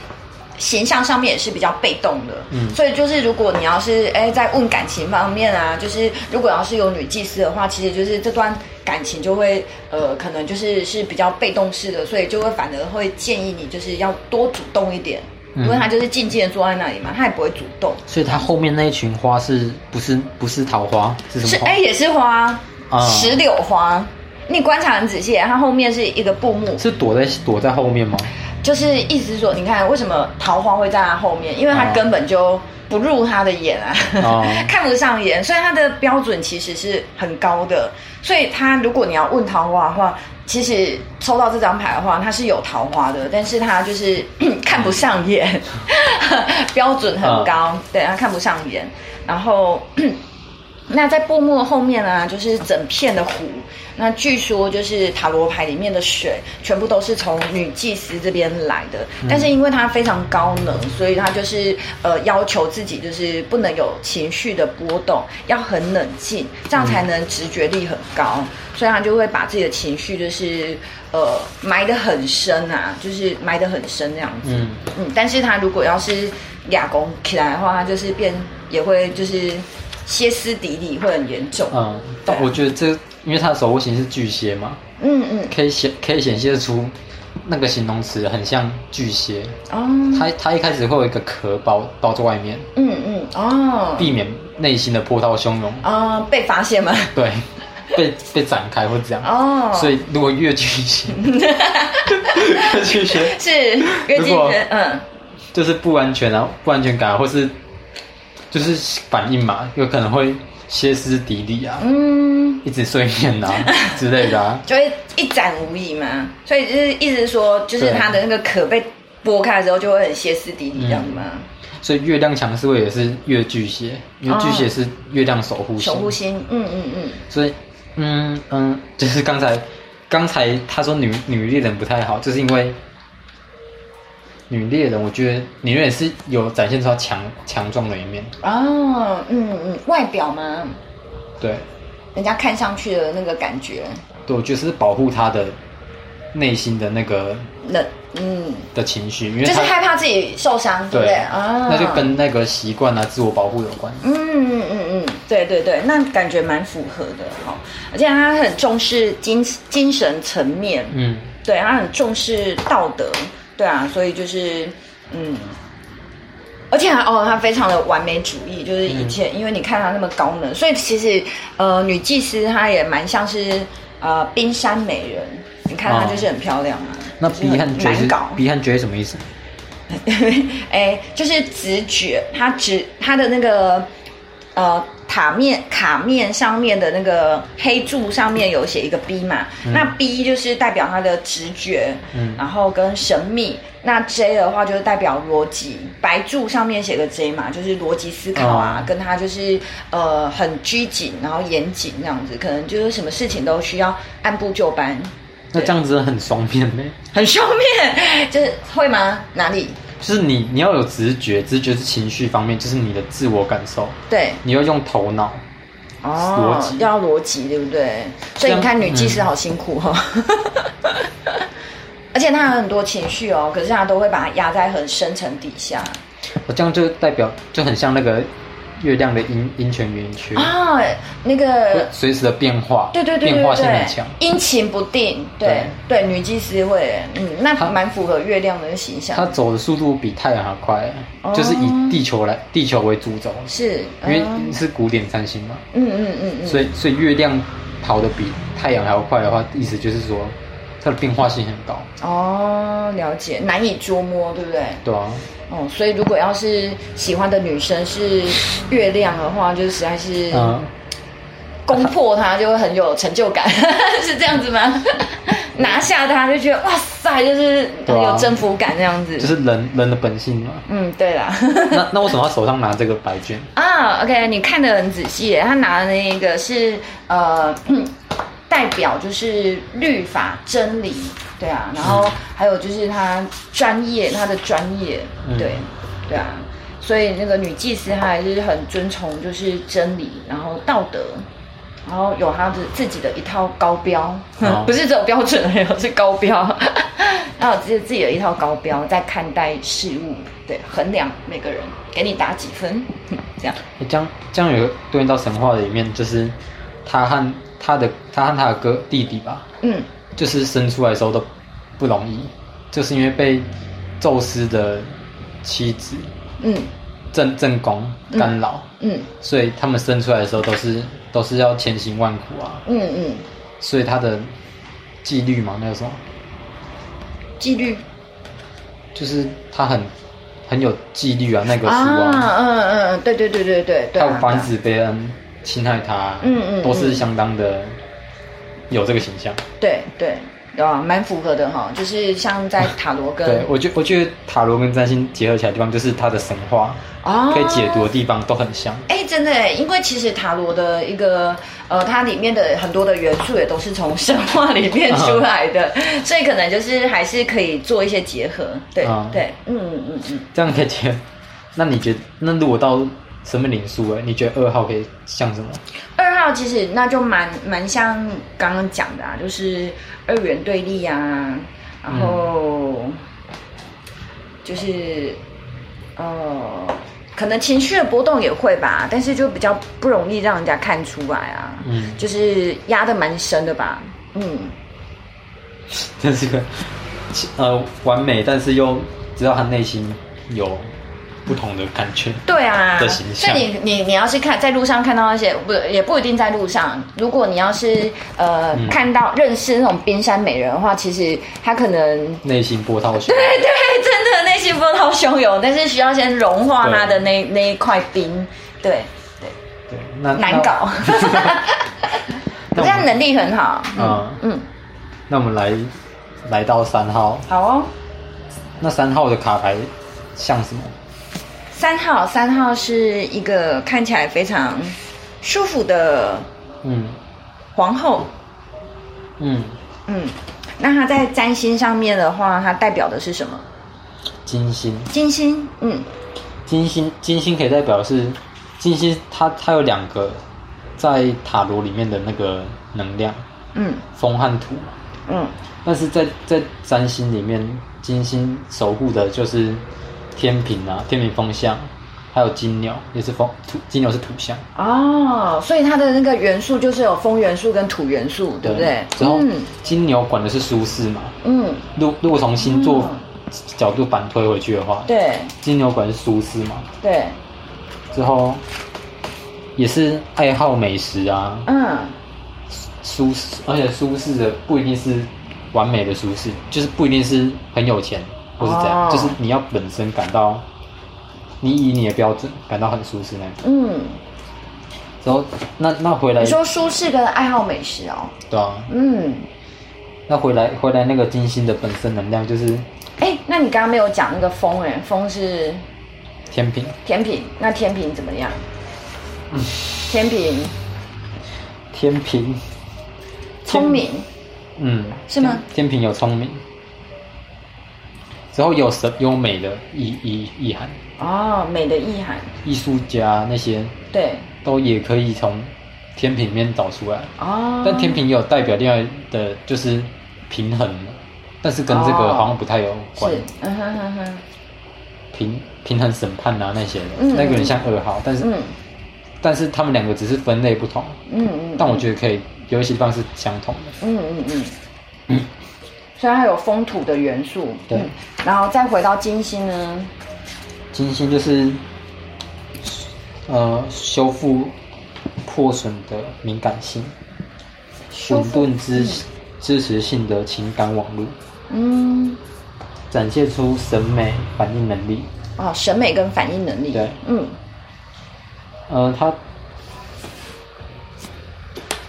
形象上面也是比較被動的，嗯、所以就是如果你要是哎、欸、在問感情方面啊，就是如果要是有女祭司的話，其實就是這段感情就會呃可能就是是比較被動式的，所以就會反而會建議你就是要多主動一點，嗯、因為他就是靜靜的坐在那裡嘛，他也不會主動。所以他後面那一群花是不是不是桃花是什麼花？是哎、欸、也是花，嗯、石榴花。你觀察很仔細，他後面是一個布幕，是躲在躲在後面嗎？就是意思是說，你看為什麼桃花會在他後面？因為他根本就不入他的眼啊、oh.， 看不上眼。所以他的標準其實是很高的，所以他如果你要問桃花的話，其實抽到這張牌的話，他是有桃花的，但是他就是 看不上眼， 標準很高、oh.，對，他看不上眼，然後。 那在布幕後面啊，就是整片的湖。那據說就是塔羅牌裡面的水，全部都是從女祭司這邊來的。嗯、但是因為她非常高能，嗯、所以她就是呃要求自己就是不能有情緒的波動，要很冷靜，這樣才能直覺力很高。嗯、所以她就會把自己的情緒就是呃埋得很深啊，就是埋得很深這樣子。嗯、嗯但是她如果要是倆工起來的話，她就是變也會就是。歇斯底里會很嚴重。嗯，啊、但我覺得這，因為他的守護星是巨蟹嘛。嗯嗯。可以顯可以顯現出那個形容詞，很像巨蟹。哦。他他一開始會有一個殼包包在外面。嗯嗯。哦。避免內心的波濤洶湧。啊、哦，被發現嗎？對，被被展開或者這樣。哦。所以如果越巨蟹 越巨蟹是越巨蟹如果嗯，就是不安全啊，嗯、不安全感、啊、或是。就是反應嘛，有可能會歇斯底里啊，嗯，一直碎念吶、啊、 之類的啊，就會一展無遺嘛。所以就是一直說，就是他的那個殼被剝開之後就會很歇斯底里，這樣子嘛。所以月亮強勢位不是也是月巨蟹，因為巨蟹是月亮守護星，哦、守護星，嗯嗯嗯。所以，嗯嗯，就是剛才剛才他說女女獵人不太好，就是因為。女獵人，我覺得女獵人也是有展現出她強強壯的一面啊、哦，嗯，外表嘛，對，人家看上去的那個感覺，對，就是保護她的內心的那個冷，嗯，的情緒，因為就是害怕自己受傷，對啊、哦，那就跟那個習慣啊，自我保護有關，嗯嗯嗯嗯，對對對，那感覺蠻符合的好，喔，而且他很重視精精神層面，嗯，對，他很重視道德。對啊，所以就是，嗯，而且他哦，她非常的完美主義，就是以前、嗯、因為你看她那麼高冷，所以其實，呃，女祭司她也蠻像是呃冰山美人，你看她就是很漂亮、啊哦就是、很那鼻和絕，鼻和絕什麼意思？哎 欸，就是直覺，她直她的那個呃。卡面、卡面上面的那個黑柱上面有寫一個 B 嘛、嗯，那 B 就是代表他的直覺、嗯，然後跟神祕。那 J 的話就是代表邏輯，白柱上面寫個 J 嘛，就是邏輯思考啊，哦、跟他就是呃很拘謹，然後嚴謹這樣子，可能就是什麼事情都需要按部就班。嗯、那這樣子很雙面唄，很雙面，就是會嗎？哪裡？就是你，你要有直覺，直覺是情緒方面，就是你的自我感受。對，你要用頭腦，哦，邏輯，要邏輯，對不對？所以你看女祭司好辛苦哦。嗯、 而且她有很多情緒哦，可是她都會把它壓在很深層底下。我、哦、這樣就代表就很像那個。嗯月亮的陰陰晴圓缺啊、哦，那個隨時的變化，對對對，對，對對對，變化性很強，陰晴不定，對對，對，對，女祭司會，嗯，那它，它蠻符合月亮的形象。它走的速度比太陽還快、哦，就是以地球來地球為主軸，是因為是古典三星嘛，嗯嗯嗯嗯，嗯，所以所以月亮跑得比太陽還要快的話，意思就是說它的變化性很高哦，了解，難以捉摸，對不對？對啊。哦，所以如果要是喜歡的女生是月亮的話，就是實在是攻破她就會很有成就感， 是這樣子嗎？ 拿下她就覺得哇塞，就是很有征服感這樣子，啊、就是人人的本性嘛。嗯，對啦。 那那為什麼要手上拿這個白卷啊？Oh,OK，你看得很仔細耶，他拿的那個是呃。嗯代表就是律法、真理，對啊，然後還有就是他專業，嗯、他的專業，對、嗯，對啊，所以那個女祭司她還是很尊重就是真理，然後道德，然後有她的自己的一套高標，嗯、不是這種標準，是高標， 然後就是自己的一套高標在看待事物，對，衡量每個人，給你打幾分，這樣。這樣這樣有個對應到神話裡面，就是他和。他的他和他的哥弟弟吧，嗯，就是生出來的時候都不容易，就是因為被宙斯的妻子，嗯，正正宮干擾，嗯，嗯，所以他們生出來的時候都是都是要千辛萬苦啊，嗯嗯，所以他的紀律嘛，那個時候紀律就是他很很有紀律啊，那個時光啊，嗯嗯嗯，對對對對對，他繁殖被恩。侵害他，嗯，嗯嗯，都是相當的有這個形象。對對，啊，蠻符合的哈、哦。就是像在塔羅跟，啊、對，我覺我覺得塔羅跟占星結合起來的地方，就是它的神話啊、哦，可以解讀的地方都很像。哎，真的，因為其實塔羅的一個呃，它裡面的很多的元素也都是從神話裡面出來的，啊、所以可能就是還是可以做一些結合。對、啊、對，對嗯，嗯嗯嗯，這樣可以結合。那你覺得，那如果到什麼靈數啊？你覺得二號可以像什麼？二號其實那就蠻蠻像剛剛講的啊，就是二元對立啊，然後就是、嗯、呃，可能情緒的波動也會吧，但是就比較不容易讓人家看出來啊。嗯，就是壓得蠻深的吧。嗯，真是個呃完美，但是又知道他內心有。不同的感覺，對啊，的形象，所以你你你要是看在路上看到那些不也不一定在路上。如果你要是呃、嗯、看到認識那種冰山美人的話，其實他可能內心波濤洶湧，對對，真的內心波濤洶湧，但是需要先融化他的那那一塊冰。對對對，難難搞。我覺得他能力很好。嗯嗯，嗯，那我們來來到三號，好哦。那三號的卡牌像什麼？三號，三號是一個看起來非常舒服的，嗯，皇後，嗯嗯,嗯，那它在占星上面的話，它代表的是什麼？金星。金星，嗯，金星，金星可以代表是金星它，它它有兩個在塔羅裡面的那個能量，嗯，風和土，嗯，但是在在占星裡面，金星守護的就是。天秤啊，天秤風象，還有金牛也是風土，金牛是土象哦，所以它的那個元素就是有風元素跟土元素，對不對？然後，嗯，金牛管的是舒適嘛，嗯，如果如果從星座角度反推回去的話，對、嗯，金牛管是舒適嘛，對，之後也是愛好美食啊，嗯，舒適，而且舒適的不一定是完美的舒適，就是不一定是很有錢。是這樣，oh. 就是你要本身感到，你以你的標準感到很舒適那樣。嗯，然、so, 後那那回來，你說舒適跟愛好美食哦、喔。對啊。嗯，那回來回來那個金星的本身能量就是，哎、欸，那你剛剛沒有講那個風哎、欸，風是天平，天平，那天平怎麼樣？嗯，天平，天平，聰明。嗯，是嗎？天，天平有聰明。之後有神優美的意意意涵哦，美的意涵，藝術家那些對都也可以從天平裡面找出來哦。但天平也有代表另外的就是平衡，但是跟這個好像不太有關。是、哦啊、平平衡審判啊那些的、嗯嗯，那個很像二號，但是、嗯、但是他們兩個只是分類不同，嗯嗯，嗯，嗯，但我覺得可以有一些地方是相同的，嗯嗯嗯。嗯雖然它有風土的元素對，對，然後再回到金星呢？金星就是呃修復破損的敏感性，混遁支支持性的情感網絡。嗯，展現出審美反應能力。哦，審美跟反應能力。對，嗯，呃，它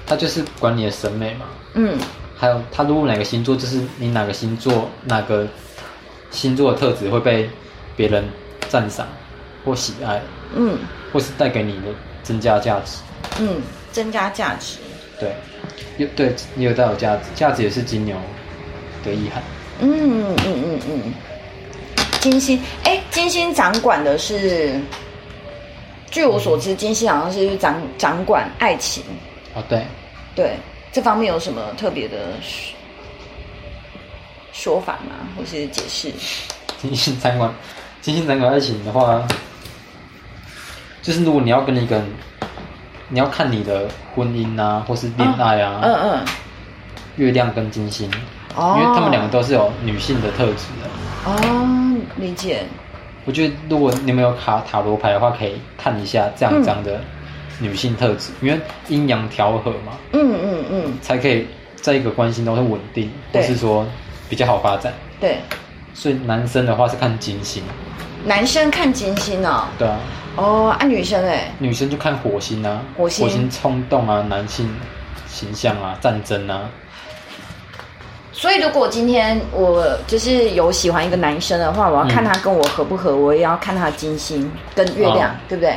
它就是管你的審美嘛。嗯。還有，他如果哪個星座，就是你哪個星座，哪個星座的特質會被別人讚賞或喜愛，嗯，或是帶給你的增加價值，嗯，增加價值，對，有對也有帶有價值，價值也是金牛的意涵，嗯嗯嗯嗯，金、嗯、星，哎、嗯，金、嗯、星、欸、掌管的是，據我所知，金星好像是掌掌管愛情、嗯，哦，對，對。這方面有什麼特別的說法嗎？或是解釋？金星餐館，金星餐館愛情的話，就是如果你要跟一個人，你要看你的婚姻啊，或是戀愛啊，嗯嗯，嗯，月亮跟金星，哦，因為他們兩個都是有女性的特質的啊，哦，理解。我覺得如果你有沒有卡塔羅牌的話，可以看一下這樣一張的。嗯女性特質，因為陰陽調和嘛，嗯嗯嗯，才可以在一個關係當中穩定，或是說比較好發展。對，所以男生的話是看金星，男生看金星哦、喔，對啊。哦啊，女生哎、欸，女生就看火星啊，火星火星衝動啊，男性形象啊，戰爭啊。所以，如果今天我就是有喜歡一個男生的話，我要看他跟我合不合，嗯、我也要看他金星跟月亮，對不對？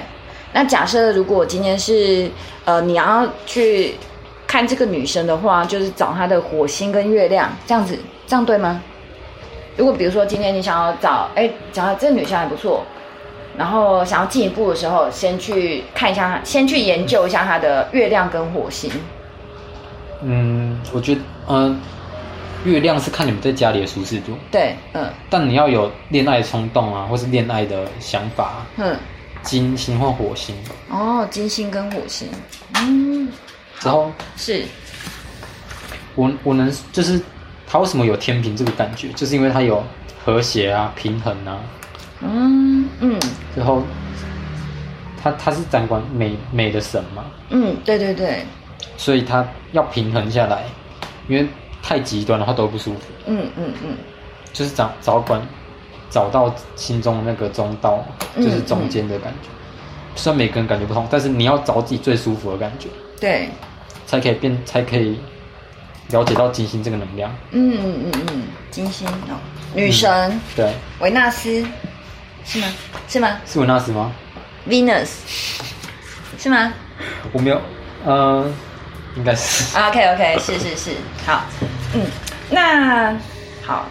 那假設如果今天是呃你要去看這個女生的話，就是找她的火星跟月亮，這樣子這樣對嗎？如果比如說今天你想要找哎想要這個女生還不錯，然後想要進一步的時候，先去看一下，先去研究一下她的月亮跟火星。嗯，我覺得嗯、呃，月亮是看你們在家裡的舒適度，對，嗯，但你要有戀愛衝動啊，或是戀愛的想法，嗯。金星或火星哦，金星跟火星，嗯，然後是，我我能就是他為什麼有天平這個感覺，就是因為他有和諧啊、平衡啊，嗯嗯，然後他他是掌管美美的神嘛，嗯對對對，所以他要平衡下來，因為太極端的話都會不舒服，嗯嗯嗯，就是掌掌管。找到心中的那個中道，就是中間的感覺，嗯嗯。雖然每個人感覺不同，但是你要找自己最舒服的感覺，對，才可以變，才可以了解到金星這個能量。嗯嗯嗯，金星哦，女神，嗯。對，維納斯，是嗎？是嗎？是維納斯嗎？Venus，是嗎？我沒有，嗯、呃，應該是。OK OK，是是是， 好，嗯，那好。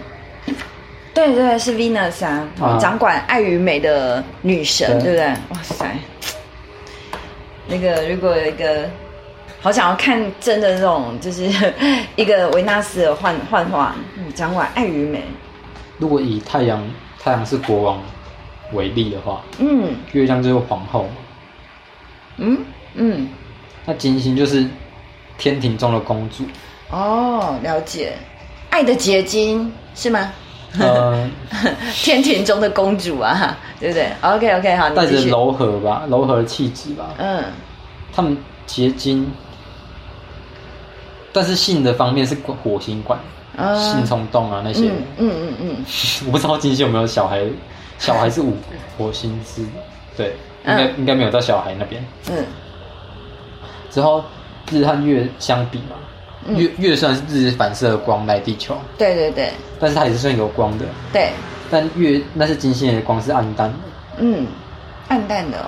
對對，是 Venus 啊，掌管愛與美的女神、啊對，對不對？哇塞，那個如果有一個好想要看真的這種，就是一個維納斯的幻幻畫、嗯，掌管愛與美。如果以太陽太陽是國王為例的話，嗯，月亮就是皇後，嗯嗯，那金星就是天庭中的公主。哦，了解，愛的結晶是嗎？嗯、呃， 天庭中的公主啊，對不對？OK，OK，okay, okay, 好你，帶着柔和吧，柔和氣質吧。嗯，他們結晶，但是性的方面是火星管，嗯、性衝動啊那些。嗯嗯嗯，嗯嗯 我不知道金星有沒有小孩，小孩是五 火星是，對，應該、嗯、應該沒有到小孩那邊。嗯，之後日和月相比嘛。嗯、月月算是日，日反射的光來地球，對對對，但是它也是算有光的，對。但月那是金星的光是暗淡的，嗯，暗淡的，哦。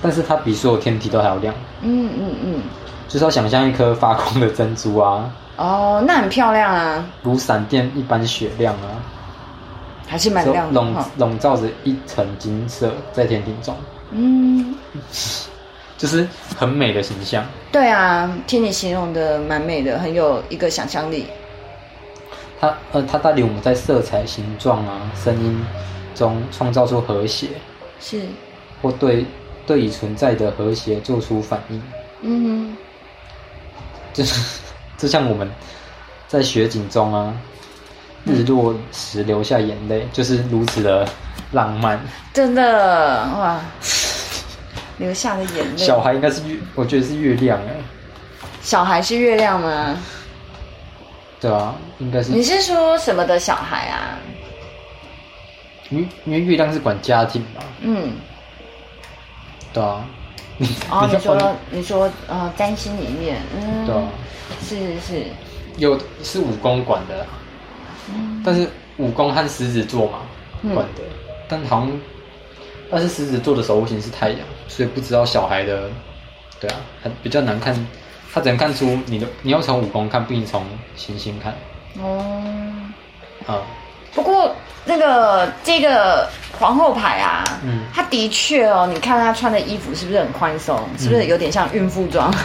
但是它比所有天體都還要亮，嗯嗯嗯，就是要想象一顆發光的珍珠啊。哦，那很漂亮啊，如閃電一般雪亮啊，還是蠻亮的，哦。籠籠罩着一層金色在天庭中，嗯。 就是很美的形象。對啊，聽你形容的蠻美的，很有一個想象力。它呃，它帶領我們在色彩、形狀啊、聲音中創造出和諧，是或對對已存在的和諧做出反應。嗯哼，就是就像我們在雪景中啊，日落時流下眼淚，嗯，就是如此的浪漫。真的哇！留下的眼淚。小孩應該是月，我覺得是月亮哎。小孩是月亮嗎？嗯、對啊，應該是。你是說什麼的小孩啊？因因為月亮是管家境吧？嗯。對啊。 哦、你說 你說呃，占、哦、星裡面，嗯，對、啊，是是是，有是五宮管的啦、嗯。但是五宮和獅子座嘛管的、嗯，但好像但是獅子座的守護星是太陽。所以不知道小孩的，對啊，比較難看，他只能看出你的，你要從武功看，不從行星看。哦、嗯嗯，不過那個這個皇後牌啊，嗯，他的確哦，你看他穿的衣服是不是很寬鬆、嗯，是不是有點像孕婦裝？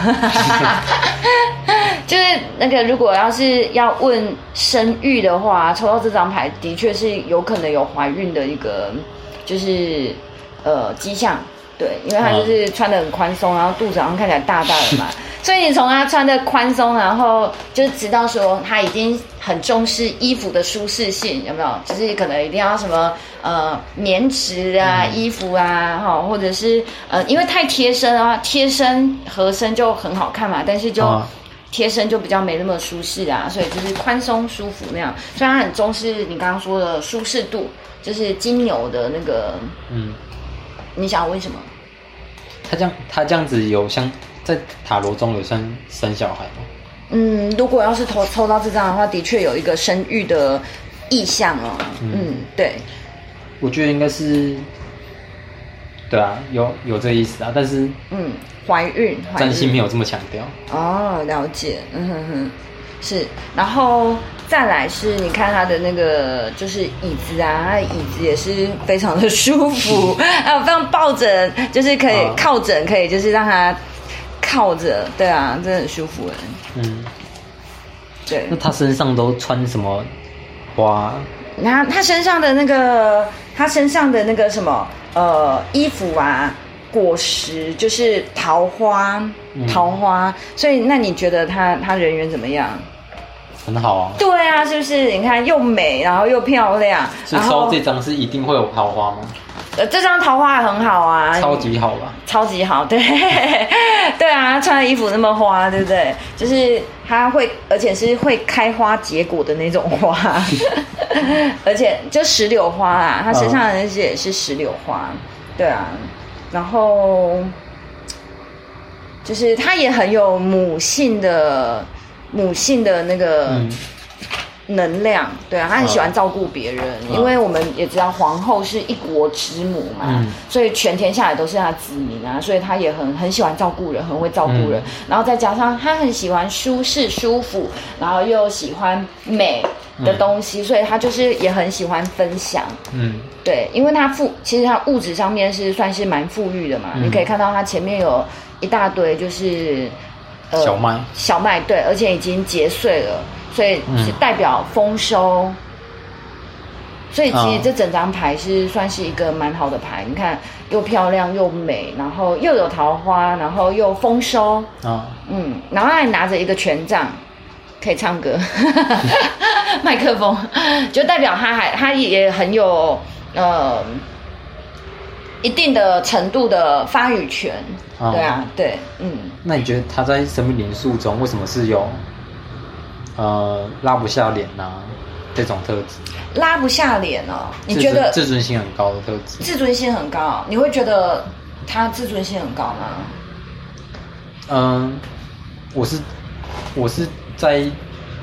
就是那個，如果要是要問生育的話，抽到這張牌的確是有可能有懷孕的一個，就是呃跡象。對，因為他就是穿的很寬鬆，然後肚子好像看起來大大的嘛，所以你從他穿的寬鬆，然後就知道說他已經很重視衣服的舒適性，有沒有？就是可能一定要什麼呃棉質啊衣服啊哈、嗯，或者是呃因為太貼身啊，貼身合身就很好看嘛，但是就貼身就比較沒那麼舒適啊，所以就是寬鬆舒服那樣，所以他很重視你剛剛說的舒適度，就是金牛的那個嗯，你想問什麼？他這樣，他這樣子有像在塔羅中有生生小孩嗎？嗯，如果要是抽抽到這張的話，的確有一個生育的意向哦嗯。嗯，對，我覺得應該是，對啊，有有這個意思啊，但是嗯，懷孕，占星沒有這麼強調哦，了解，嗯哼哼。是，然後再來是，你看他的那個就是椅子啊，他的椅子也是非常的舒服，還 有非常抱枕，就是可以靠枕，可以就是讓他靠着，對啊，真的很舒服哎。嗯，對。那他身上都穿什麼花？他他身上的那個，他身上的那個什麼呃衣服啊，果實就是桃花，桃花。嗯，所以那你覺得他他人緣怎麼樣？很好啊，對啊，是不是？你看又美，然後又漂亮。然後這張是一定會有桃花嗎？呃，這張桃花很好啊，嗯、超級好吧、嗯？超級好，對 對啊，穿的衣服那麼花，對不對？ 就是它會，而且是會開花結果的那種花， 而且就石榴花啊，他身上的那些也是石榴花，對啊。然後就是他也很有母性的。母性的那個能量，嗯，對啊，她很喜歡照顧別人。啊，因為我們也知道皇後是一國之母嘛，嗯、所以全天下來都是她的子民啊，所以她也很很喜歡照顧人，很會照顧人，嗯。然後再加上她很喜歡舒適舒服，然後又喜歡美的東西，嗯，所以她就是也很喜歡分享。嗯，對，因為她富，其實她物質上面是算是蠻富裕的嘛，嗯、你可以看到她前面有一大堆就是。呃、小麥，小麥對，而且已經結穗了，所以是代表豐收、嗯。所以其實這整張牌是算是一個蠻好的牌，嗯、你看又漂亮又美，然後又有桃花，然後又豐收嗯，嗯，然後還拿着一個權杖，可以唱歌， 麥克風，就代表他還他也很有呃。一定的程度的發語權，對啊、嗯，對，嗯。那你覺得他在生命靈數中為什麼是有呃拉不下臉呢這種特質？拉不下臉、啊、哦，你覺得自尊心很高的特質？自尊心很高，你會覺得他自尊心很高嗎？嗯，我是我是在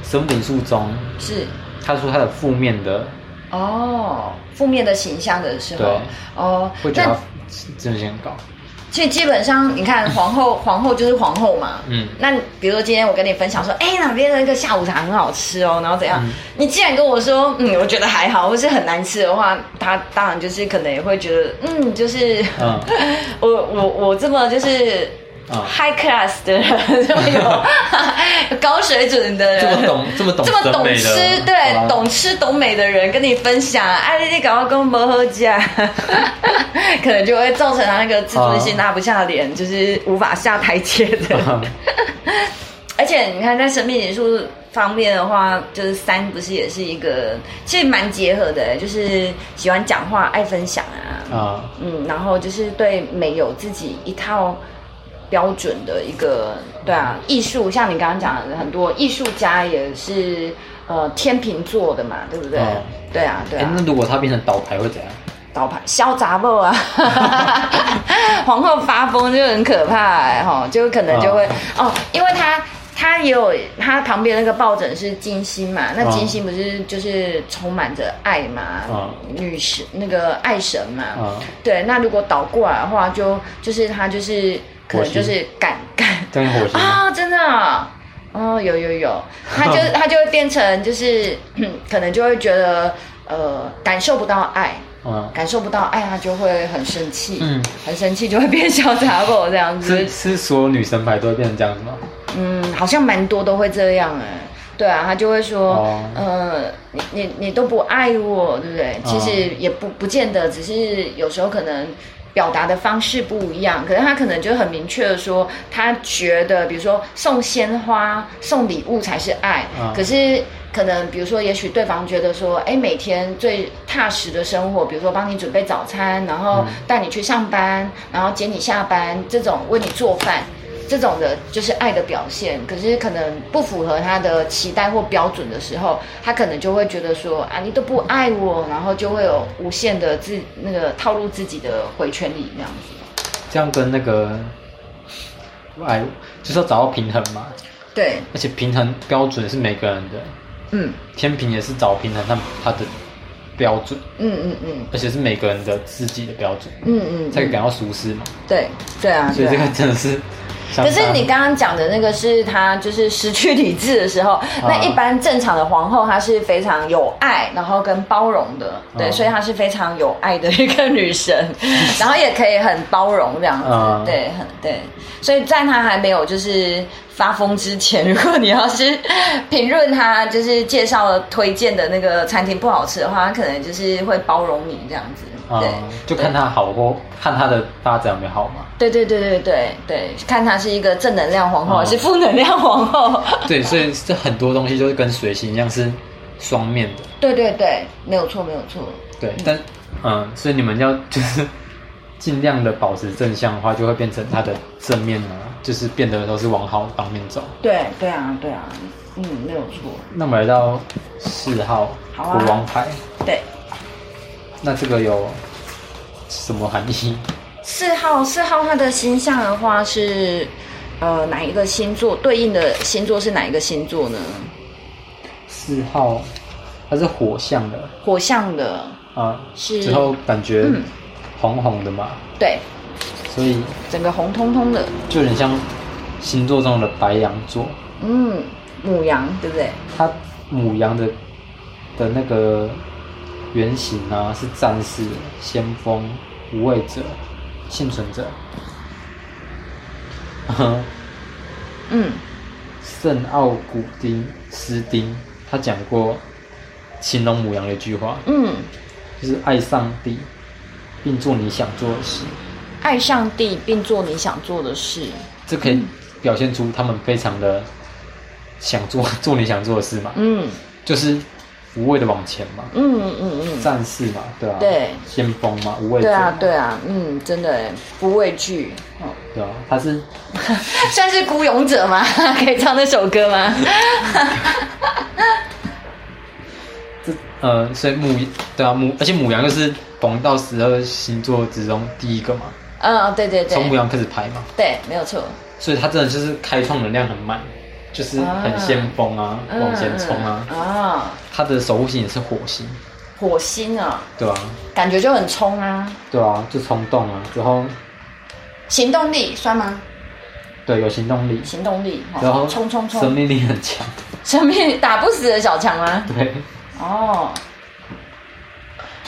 生命靈數中是他說他的負面的。哦，負面的形象的時候，哦，那真的很搞。所以基本上，你看皇後， 皇後就是皇後嘛，嗯。那比如說今天我跟你分享說，哎，哪邊那個下午茶很好吃哦，然後怎樣，嗯，你既然跟我說，嗯，我覺得還好，或是很難吃的話，他當然就是可能也會覺得，嗯，就是、嗯、 我我我這麼就是。Uh, High class 的這麼 有高水準的人， 這麼懂，這麼懂，這麼懂吃，對懂吃懂美的人跟你分享，哎、啊，你趕快跟我莫喝家， 可能就會造成他那個自尊心拉不下臉，uh, 就是無法下台階的。Uh, 而且你看，在神秘指數方面的話，就是三，不是也是一個，其實蠻結合的，就是喜歡講話、愛分享啊，uh, 嗯，然後就是對美有自己一套。標準的一個對啊，藝術像你剛剛講的很多藝術家也是呃天秤座的嘛，對不對？嗯、對啊，對啊、欸、那如果他變成倒牌會怎樣？倒牌，囂雜爆啊！ 皇后發瘋就很可怕哈、哦，就可能就會、嗯、哦，因為他他也有他旁邊那個抱枕是金星嘛，那金星不是就是充滿着愛嘛，女、嗯、神那個愛神嘛、嗯，對。那如果倒過來的話，就就是他就是。可能就是感感啊、哦，真的哦，哦有有有，他就、嗯、他就會變成就是，可能就會覺得呃，感受不到愛，嗯，感受不到愛，他就會很生氣，嗯，很生氣就會變小傻過。這樣子。是是，所有女神牌都會變成這樣子嗎？嗯，好像蠻多都會這樣哎、欸。對啊，他就會說，哦、呃，你你你都不愛我，對不對？嗯、其實也不不見得，只是有時候可能。表達的方式不一樣，可是他可能就很明確的說，他覺得，比如說送鮮花、送禮物才是愛。啊、可是可能，比如說，也許對方覺得說，哎、欸，每天最踏實的生活，比如說幫你準備早餐，然後帶你去上班，然後接你下班，這種為你做飯。這種的就是愛的表現，可是可能不符合他的期待或標準的時候，他可能就會覺得說啊，你都不愛我，然後就會有無限的自那個套入自己的回圈裡那樣子。這樣跟那個愛，就是說找到平衡嘛。對，而且平衡標準是每個人的，嗯，天平也是找平衡，他他的標準，嗯嗯嗯，而且是每個人的自己的標準，嗯嗯，才、嗯、感到舒適嘛。對，對啊，所以這個真的是。可是你剛剛講的那個是她，就是失去理智的時候，嗯，那一般正常的皇後，她是非常有愛，然後跟包容的。嗯、對，所以她是非常有愛的一個女神，嗯、然後也可以很包容這樣子。嗯、對，很對，所以在她還沒有就是發瘋之前，如果你要是評論她就是介紹了推薦的那個餐廳不好吃的話，她可能就是會包容你這樣子。嗯，就看他好，或看他的發展有沒有好嗎？對對對對對對，看他是一個正能量皇後，嗯、還是負能量皇後。對、嗯，所以這很多東西就是跟水星一樣是雙面的。對對對，沒有錯，沒有錯。對，嗯，但嗯，所以你們要就是盡量的保持正向的話，就會變成他的正面嘛，就是變得都是往好方面走。對對啊，對啊，嗯，沒有錯。那我們來到四號、啊、國王牌，對。那這個有什麼含義？四號，四號他的星象的話是，呃，哪一個星座對應的星座是哪一個星座呢？四號，他是火象的。火象的啊，是之後感覺紅紅的嘛？嗯、對，所以整個紅彤彤的，就有點像星座中的白羊座。嗯，牡羊對不對？他牡羊的的那個。原型呢，是戰士、先鋒、無畏者、幸存者。呵呵嗯，聖奧古丁斯丁他講過《形容牡羊》的一句話，嗯，就是愛上帝，並做你想做的事。愛上帝，並做你想做的事。嗯、這可以表現出他們非常的想做做你想做的事嘛？嗯，就是。無畏的往前嘛，嗯嗯嗯，戰士嘛，對啊，對，先鋒嘛，無畏。對啊對啊，嗯，真的不畏懼。哦，對啊，他是 算是孤勇者嗎？ 可以唱那首歌嗎？這 呃，所以牡對啊牡，而且牡羊又是逢到十二星座之中第一個嘛。嗯、哦，對對對，從牡羊開始排嘛。對，沒有錯。所以他真的就是開創能量很滿，就是很先鋒啊，啊，往前衝啊！啊、嗯，他、哦、的守護星也是火星，火星啊、哦，對啊，感覺就很衝啊，對啊，就衝動啊，然後行動力算嗎？對，有行動力，行動力，哦、然後衝衝衝，生命力很強，生命力打不死的小強啊！對，哦，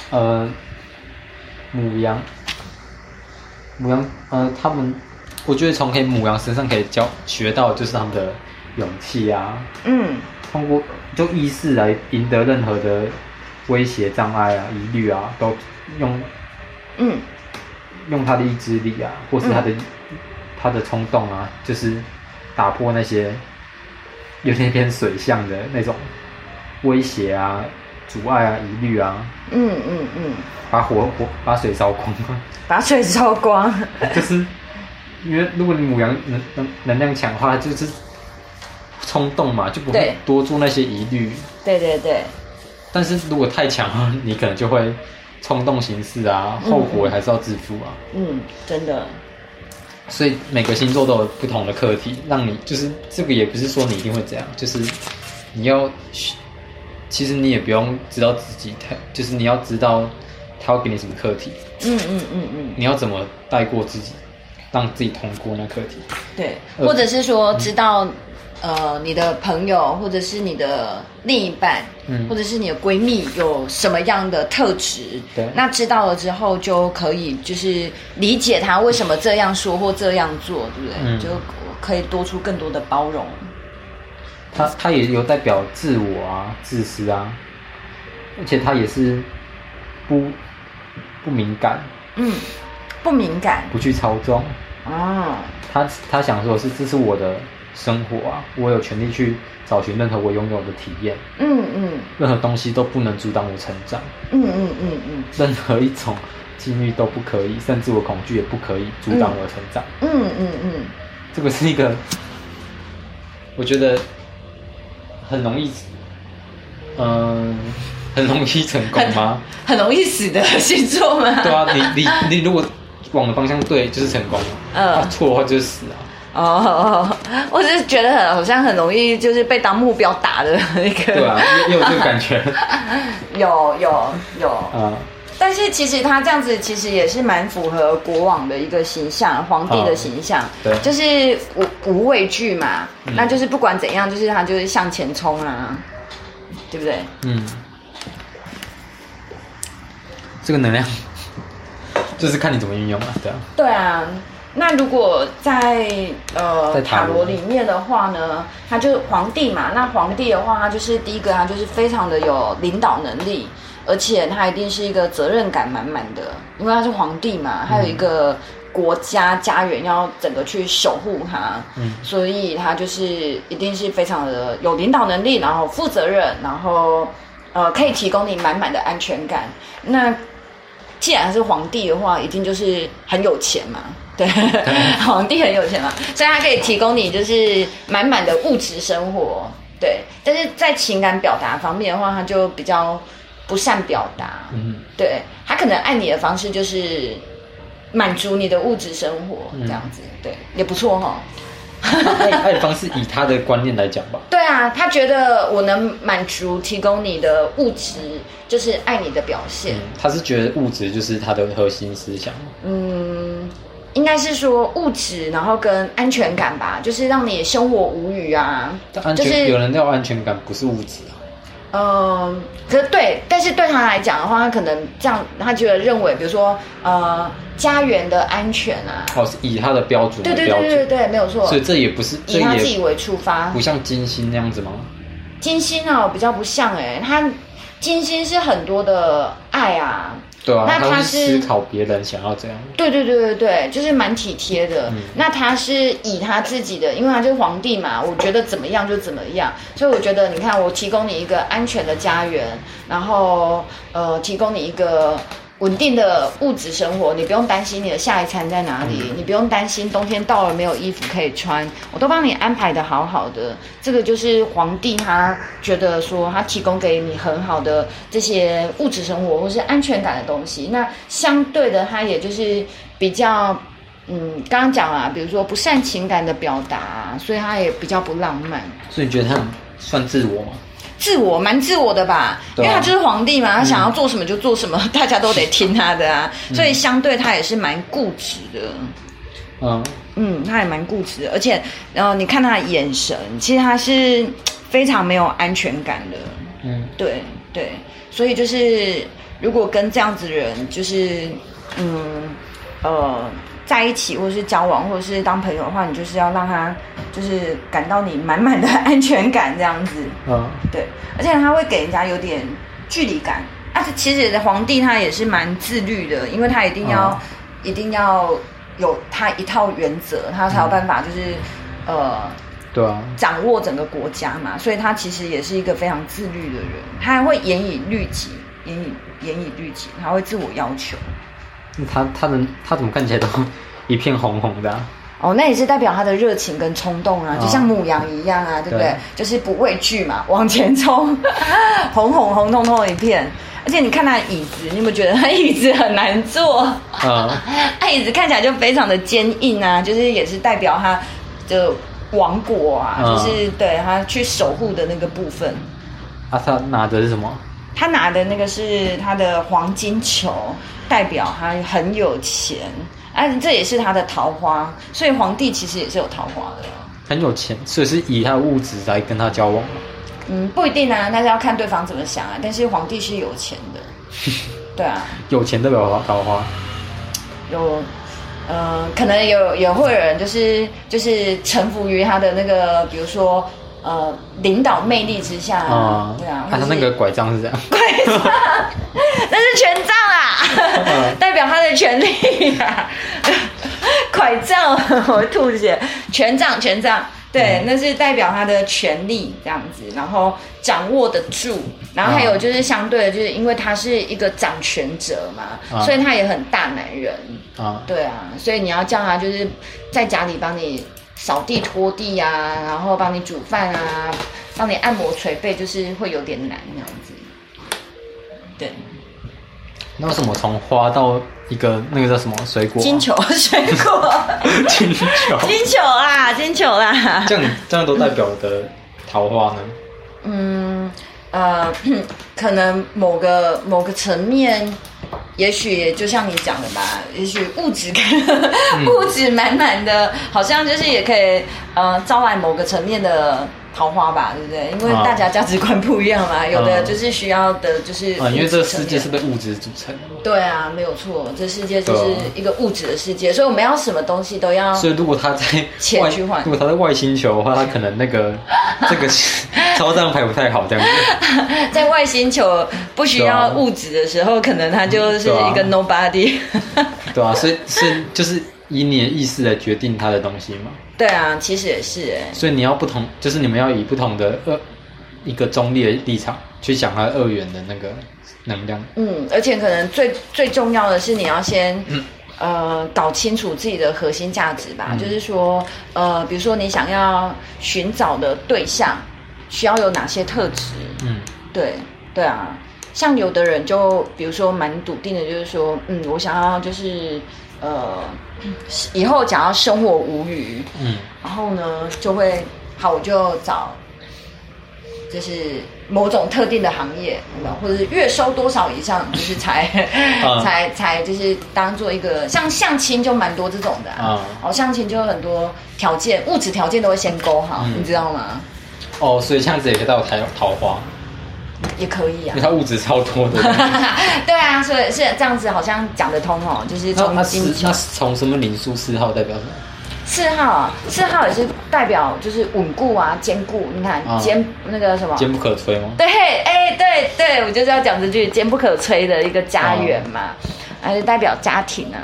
呃，牡羊，牡羊，呃，他們，我覺得從可以牡羊身上可以教學到的，就是他們的。勇氣啊，嗯，通過就意識來贏得任何的威脅、障礙啊、疑慮啊，都用，嗯，用他的意志力啊，或是他的、嗯、他的衝動啊，就是打破那些有點偏水象的那種威脅啊、阻礙啊、疑慮啊，嗯嗯嗯，把火火把水燒光啊，把水燒光，光 就是因為如果你牡羊能能能量強的話，就是。衝動嘛，就不會多做那些疑慮。對對對，對，但是如果太強，你可能就會衝動行事啊，嗯，後果還是要自負啊。嗯，真的。所以每個星座都有不同的課題，讓你就是這個也不是說你一定會這樣，就是你要其實你也不用知道自己太，就是你要知道他會給你什麼課題。嗯嗯嗯嗯，你要怎麼帶過自己，讓自己通過那課題。對，或者是說知道、嗯。呃，你的朋友或者是你的另一半，嗯，或者是你的閨蜜有什麼樣的特質？對，那知道了之後就可以就是理解他為什麼這樣說或這樣做，對不對？嗯，就可以多出更多的包容。他他也有代表自我啊，自私啊，而且他也是不不敏感，嗯，不敏感，不去操縱，嗯，哦，他他想說是，是這是我的。生活啊，我有權利去找尋任何我擁有的體驗。嗯嗯。任何東西都不能阻擋我成長。嗯嗯嗯嗯。任何一種境遇都不可以，甚至我恐懼也不可以阻擋我成長。嗯嗯嗯，嗯。這個是一個，我覺得很容易死，嗯，很容易成功嗎？很，很容易死的星座嗎？ 對啊，你你你如果往的方向對，就是成功、呃、啊錯的話就是死了、啊。哦，我只是覺得好像很容易就是被當目標打的那個，對啊，有這個感覺， 有有有啊！Uh, 但是其實他這樣子其實也是蠻符合國王的一個形象，皇帝的形象，uh, 對，就是無，無畏懼嘛、嗯，那就是不管怎樣，就是他就是向前衝啊、嗯，對不對？嗯，這個能量就是看你怎麼運用嘛、啊。對啊，對啊。那如果在呃在塔羅裡面的話呢，他就是皇帝嘛。那皇帝的話，他就是第一個，他就是非常的有領導能力，而且他一定是一個責任感滿滿的，因為他是皇帝嘛，他有一個國家家園要整個去守護他。嗯。所以他就是一定是非常的有領導能力，然後負責任，然後呃可以提供你滿滿的安全感。那既然他是皇帝的話，一定就是很有錢嘛。對、 哦，皇帝很有錢嘛，所以他可以提供你就是滿滿的物質生活。對，但是在情感表達方面的話，他就比較不善表達。嗯，對，他可能愛你的方式就是滿足你的物質生活、嗯、這樣子。對，也不錯哈。 愛愛的方式以他的觀念來講吧。 對啊，他覺得我能滿足、提供你的物質，就是愛你的表現。嗯、他是覺得物質就是他的核心思想。嗯。應該是說物質，然後跟安全感吧，就是讓你生活無虞啊。就是有人要安全感，不是物質啊。呃、嗯嗯，可是對，但是對他來講的話，他可能這樣，他覺得認為，比如說呃，家園的安全啊，哦，是以他的標準，的標準。對對對對對、對，沒有錯。所以這也不是以他自己為出發，不像金星那樣子嗎？金星哦、啊，比較不像哎、欸，他金星是很多的愛啊。那、啊、他是思考別人想要這樣，對對對對對，就是蠻體貼的。嗯、那他是以他自己的，因為他就是皇帝嘛，我覺得怎麼樣就怎麼樣。所以我覺得，你看，我提供你一個安全的家園，然後呃，提供你一個。穩定的物質生活，你不用擔心你的下一餐在哪裡，嗯、你不用擔心冬天到了沒有衣服可以穿，我都幫你安排的好好的。這個就是皇帝他覺得說他提供給你很好的這些物質生活或是安全感的東西。那相對的他也就是比較，嗯，剛剛講啊，比如說不善情感的表達，所以他也比較不浪漫。所以你覺得他算自我嗎？自我蠻自我的吧，對吧，因為他就是皇帝嘛、嗯，他想要做什麼就做什麼，大家都得聽他的啊，嗯、所以相對他也是蠻固執的。嗯嗯，他也蠻固執的，而且、呃，你看他的眼神，其實他是非常沒有安全感的。嗯，對對，所以就是如果跟這樣子人，就是嗯呃。在一起，或者是交往，或者是當朋友的話，你就是要讓他就是感到你滿滿的安全感這樣子。啊，對，而且他會給人家有點距離感啊。其實皇帝他也是蠻自律的，因為他一定要一定要有他一套原則，他才有辦法就是呃，對啊，掌握整個國家嘛。所以他其實也是一個非常自律的人，他還會嚴以律己，嚴以嚴以律己，他會自我要求。他他能他怎麼看起來都一片紅紅的、啊？哦，那也是代表他的熱情跟衝動啊，就像牡羊一樣啊，哦、對不對，對？就是不畏懼嘛，往前衝，紅紅紅彤彤一片。而且你看他的椅子，你有沒有覺得他椅子很難坐、嗯？他椅子看起來就非常的堅硬啊，就是也是代表他的王國啊，嗯、就是對他去守護的那個部分、啊。他拿的是什麼？他拿的那個是他的黃金球。代表他很有錢，哎、啊，這也是他的桃花，所以皇帝其實也是有桃花的、啊，很有錢，所以是以他的物質來跟他交往嗎？嗯，不一定啊，那是要看對方怎麼想啊。但是皇帝是有錢的， 對啊，有錢代表他桃花。有，嗯、呃，可能有，也會有人就是就是臣服於他的那個，比如說。呃，領導魅力之下、啊嗯，對啊，他有那個拐杖是這樣，拐杖那 是權杖啊， 代表他的權力啊， 拐杖， 我吐血，權杖，權杖，對，嗯、那是代表他的權力這樣子，然後掌握得住，然後還有就是相對的，就是因為他是一個掌權者嘛，嗯、所以他也很大男人啊、嗯，對啊，所以你要叫他就是在家裡幫你。掃地拖地啊，然後幫你煮飯啊，幫你按摩捶背，就是會有點難那樣子。對。那為什麼從花到一個那個叫什麼水果？金球水果， 金球金球啦，金球啦。這樣這樣都代表的桃花呢？嗯呃，可能某個某個層面。也許就像你講的吧，也許物質感、嗯，物質滿滿的，好像就是也可以，呃、嗯，招來某個層面的。桃花吧，對不對？因為大家價值觀不一樣嘛，啊、有的就是需要的，就是啊，因為這個世界是被物質組成。對啊，沒有錯，這世界就是一個物質的世界，所以我們要什麼東西都要。所以如果他在錢去換，如果他在外星球的話，他可能那個 這個超張牌不太好，這樣子。 在外星球不需要物質的時候，啊、可能他就是一個 nobody。對啊， 對啊，所以是就是。以你的意思來決定他的東西嗎？對啊，其實也是哎。所以你要不同，就是你們要以不同的呃一個中立的立場去講他二元的那個能量。嗯，而且可能最最重要的是，你要先、嗯、呃搞清楚自己的核心價值吧、嗯。就是說，呃，比如說你想要尋找的對象需要有哪些特質？嗯，對，對啊。像有的人就比如說蠻篤定的，就是說，嗯，我想要就是。呃，以後想要生活無虞，嗯，然後呢，就會好，我就找，就是某種特定的行業、哦，或者是月收多少以上，就是才、嗯、才才就是當做一個像相親就蠻多這種的啊，哦、嗯，相親就很多條件，物質條件都會先勾好，嗯、你知道嗎？哦，所以這樣子也可以到台桃花？也可以啊，因為它物質超多的。 對啊，啊、所以是這樣子，好像講得通哦，喔。就是從那從什麼？零到四號代表什麼？四號、啊，四號也是代表就是穩固啊，堅固。你看堅、啊、那個什麼，堅不可摧嗎？對，哎、欸，對對，我就是要講這句堅不可摧的一個家園嘛，啊、還是代表家庭啊？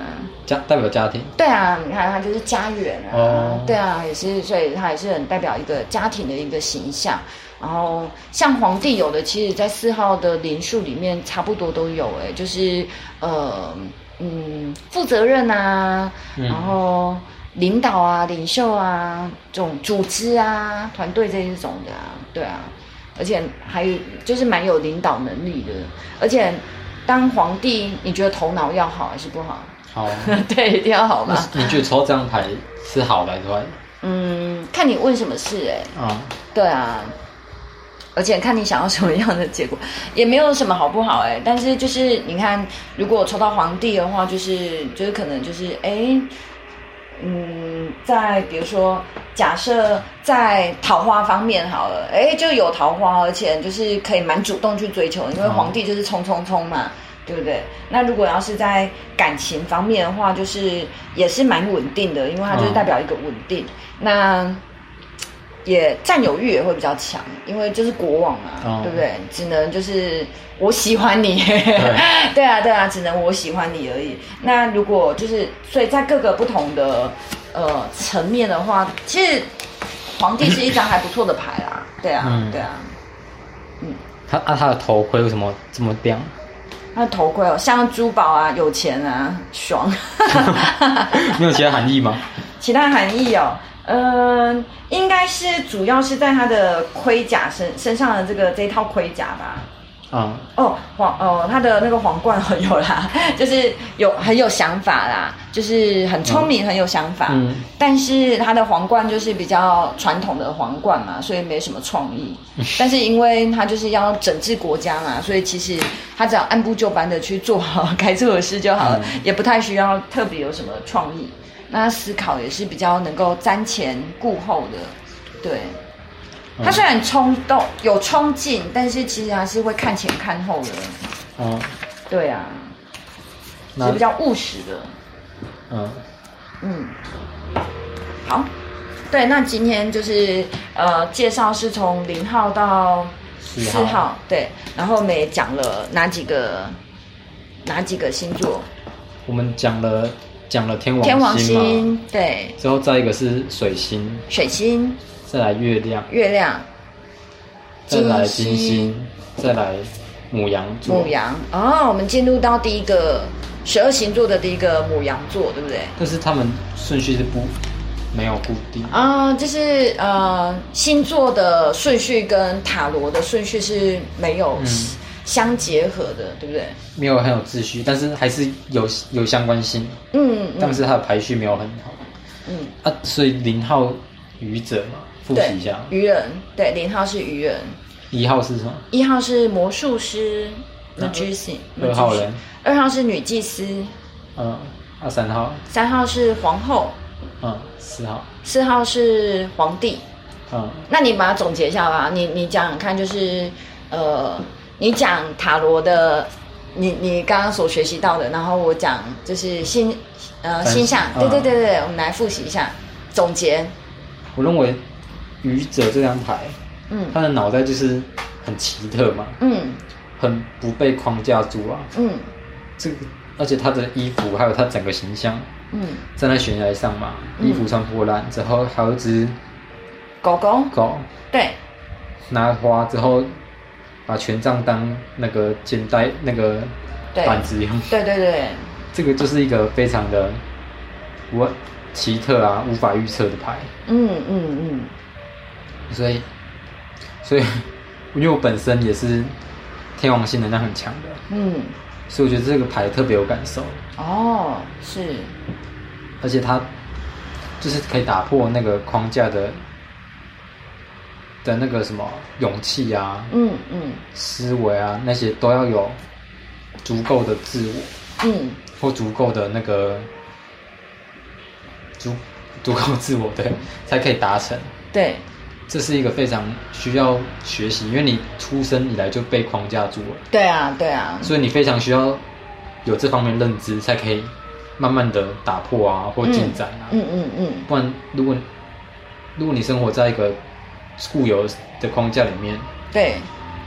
家代表家庭？對啊，你看它就是家園啊。哦、對啊，也是，所以它也是很代表一個家庭的一個形象。然後像皇帝有的，其實在四號的靈數裡面差不多都有哎，就是呃嗯負責任啊，然後領導啊、領袖啊這種組織啊、團隊這一種的、啊，對啊，而且還有就是蠻有領導能力的。而且當皇帝，你覺得頭腦要好還是不好？好，啊， 對，一定要好嘛。你覺得抽這張牌是好還是壞？嗯，看你問什麼事哎。啊、嗯，對啊。而且看你想要什麼樣的結果，也沒有什麼好不好哎、欸。但是就是你看，如果抽到皇帝的話，就是就是可能就是哎、欸，嗯，在比如說假設在桃花方面好了，哎、欸，就有桃花，而且就是可以蠻主動去追求，因為皇帝就是衝衝衝嘛、嗯，對不對？那如果要是在感情方面的話，就是也是蠻穩定的，因為它就是代表一個穩定。嗯、那也占有欲也會比較強，因為就是國王嘛、啊，哦、對不對？只能就是我喜歡你，對， 對啊，對啊，只能我喜歡你而已。那如果就是，所以在各個不同的呃層面的話，其實皇帝是一張還不錯的牌啊， 對啊，對啊，嗯。嗯他啊，他的頭盔為什麼這麼亮？他的頭盔哦，像珠寶啊，有錢啊，爽。沒 有其他含義嗎？其他含義哦。嗯，應該是主要是在他的盔甲身身上的這個這一套盔甲吧。啊、嗯，哦皇哦他的那個皇冠很有啦，就是有很有想法啦，就是很聰明、嗯、很有想法。嗯。但是他的皇冠就是比較傳統的皇冠嘛，所以沒什麼創意、嗯。但是因為他就是要整治國家嘛，所以其實他只要按部就班的去做好該做的事就好了，嗯、也不太需要特別有什麼創意。那思考也是比較能夠瞻前顧後的，對。嗯、他雖然衝動有衝勁，但是其實還是會看前看後的。哦、嗯，對啊，那是比較務實的。嗯嗯，好。對，那今天就是呃，介紹是從零號到四號，對。然後我們也講了哪幾個哪幾個星座。我們講了，講了天王星，天王星對。之後再一個是水星，水星，再來月亮，月亮，再來金星，金星再來牡羊座，牡羊。哦，我們進入到第一個十二星座的第一個牡羊座，對不對？但是他們順序是不沒有固定啊、嗯，就是呃星座的順序跟塔羅的順序是沒有。嗯相結合的，對不對？沒有很有秩序，但是還是有有相關性嗯。嗯，但是它的排序沒有很好。嗯啊，所以零號愚者嘛，復習一下。愚人，對，零號是愚人。一號是什麼？一號是魔術師，的居士，二號人。二號是女祭司。嗯，二、啊、三號。三號是皇後。嗯，四號。四號是皇帝。嗯，那你把它總結一下吧，你你講講看，就是呃。你講塔羅的，你你剛剛所學習到的，然後我講就是星，呃，星象對對對對，我們來複習一下總結。我認為愚者這張牌，嗯，他的腦袋就是很奇特嘛，嗯，很不被框架住啊，嗯，這個而且他的衣服還有他整個形象，嗯，站在懸崖上嘛，衣服穿破爛之後，還有一隻，狗狗，狗，狗，對，拿花之後。把權杖當那個肩帶，那個板子用，對對對，對，這個就是一個非常的我奇特啊、無法預測的牌。嗯嗯嗯，所以所以，因為我本身也是天王星能量很強的，嗯，所以我覺得這個牌特別有感受。哦，是，而且它就是可以打破那個框架的。的那個什麼勇氣啊，嗯嗯，思維啊那些都要有足夠的自我，嗯，或足夠的那個足足夠自我，對，才可以達成。對，這是一個非常需要學習，因為你出生以來就被框架住了。對啊，對啊。所以你非常需要有這方面認知，才可以慢慢的打破啊，或進展啊。嗯嗯嗯。不然，如果如果你生活在一個固有的框架裡面，對，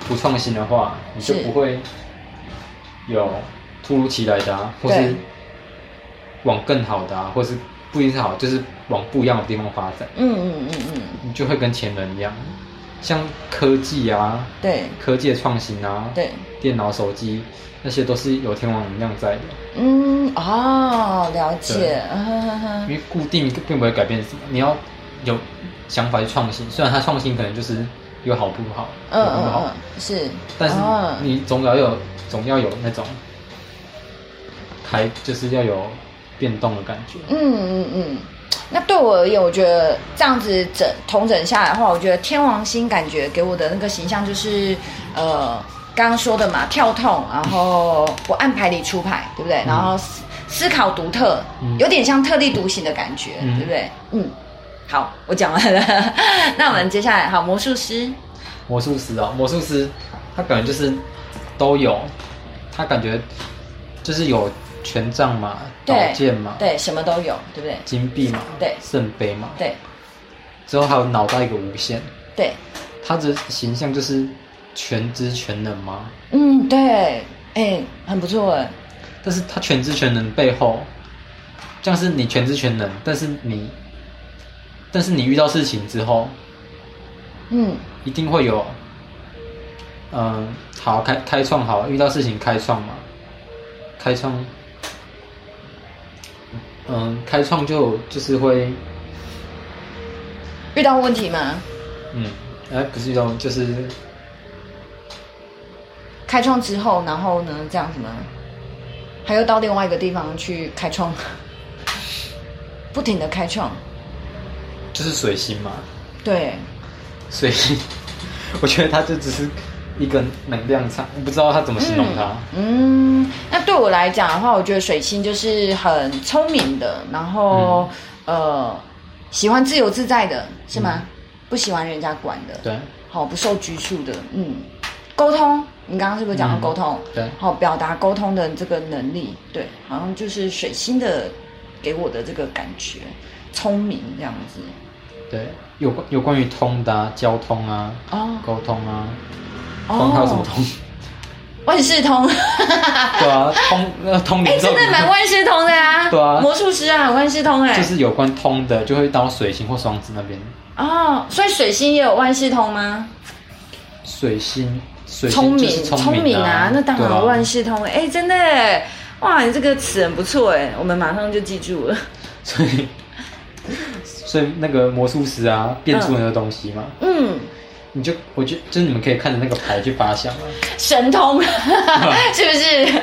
不創新的話，你就不會有突如其來的、啊，或是往更好的啊，或是不一定是好，就是往不一樣的地方發展。嗯嗯嗯嗯，你就會跟前人一樣，像科技啊，對，科技的創新啊，對，電腦、手機那些都是有天王能量在的。嗯啊、哦，了解呵呵呵。因為固定並不會改變什麼，你要有。想法是創新，雖然它創新可能就是有好不好，嗯好好嗯，嗯，是，但是你總要有總要有那種開，就是要有變動的感覺。嗯嗯嗯。那對我而言，我覺得這樣子整統整下來的話，我覺得天王星感覺給我的那個形象就是，呃，剛剛說的嘛，跳痛，然後不按牌理出牌、嗯，對不對？然後思思考獨特、嗯，有點像特立獨行的感覺、嗯，對不對？嗯。好，我講完了。 那我們接下來，好，魔術師，魔術師哦，魔術師，他感覺就是都有，他感覺就是有權杖嘛，寶劍嘛，對，什麼都有，對不對？金幣嘛，對，聖杯嘛，對。之後還有腦袋一個無限，對。他的形象就是全知全能嗎？嗯，對，哎、欸，很不錯哎。但是他全知全能背後，像是你全知全能，但是你。但是你遇到事情之後，嗯，一定會有，嗯、呃，好開開創好了，遇到事情開創嘛，開創，嗯、呃，開創就就是會遇到問題嗎？嗯，哎、欸，不是遇到就是開創之後，然後呢，這樣子嗎？還要到另外一個地方去開創，不停的開創。這、就是水星嗎？對，水星，我覺得它就只是一根能量場，我不知道它怎麼形容它嗯。嗯，那對我來講的話，我覺得水星就是很聰明的，然後、嗯、呃，喜歡自由自在的是嗎、嗯？不喜歡人家管的，對，好不受拘束的，嗯，溝通，你剛剛是不是講到溝通、嗯？對，好表達溝通的這個能力，對，好像就是水星的給我的這個感覺，聰明這樣子。對，有關有關於通的、啊、交通啊，溝、oh. 通啊，還有什麼通？萬事通。 對啊，通那通靈、欸。真的蠻萬事通的呀、啊。對啊，魔術師啊，萬事通哎。就是有關通的，就會到水星或雙子那邊。哦、oh,，所以水星也有萬事通嗎？水星水聰明聰、啊、明啊，那當然萬事通哎、啊欸，真的哇，你這個詞很不錯哎，我們馬上就記住了。所以。所以那個魔術師啊，變出那個東西嘛，嗯，嗯你就，我就就是你們可以看着那個牌去發現、啊、神通 是不是？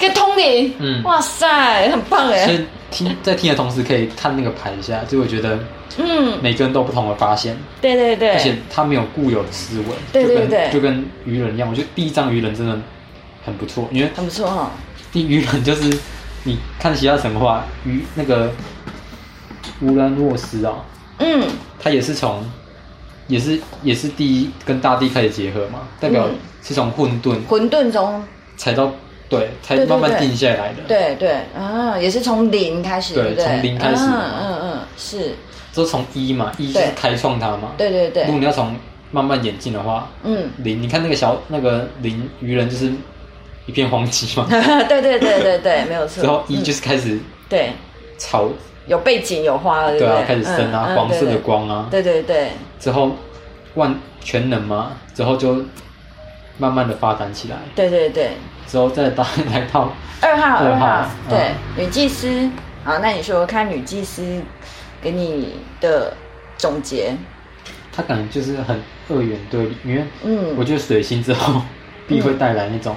跟 通靈、嗯，哇塞，很棒哎！所以聽在聽的同時，可以看那個牌一下，就我覺得，嗯，每個人都有不同的發現，對對對，而且他沒有固有的思維，對，對對對，就跟愚人一樣。我覺得第一張愚人真的很不錯，因為很不錯哈、哦。第愚人就是你看其他神話愚那個。烏蘭諾斯啊，嗯，他也是從，也是也是第一跟大地開始結合嘛，代表是從混沌、嗯、混沌中踩到對，才對對對慢慢定下來的，對對，對、啊、也是從零開始，對，從零開始、啊，嗯嗯是，說從一嘛，一、e、就是開創它嘛，對，對對對。如果你要從慢慢演進的話，嗯，零，你看那個小那個零愚人就是一片荒寂嘛， 對，對，對對對對對，沒有錯。然後一、e、就是開始、嗯、對吵有背景有花了對對，對對啊，開始升啊、嗯，黃色的光啊。嗯嗯、對對對。之後，萬全能嘛，之後就慢慢的發展起來。對對對。之後再搭來到二號，二號，二號、啊、對女祭司好，那你說看女祭司給你的總結。他可能就是很二元對立，因為嗯，我覺得水星之後必會帶來那種、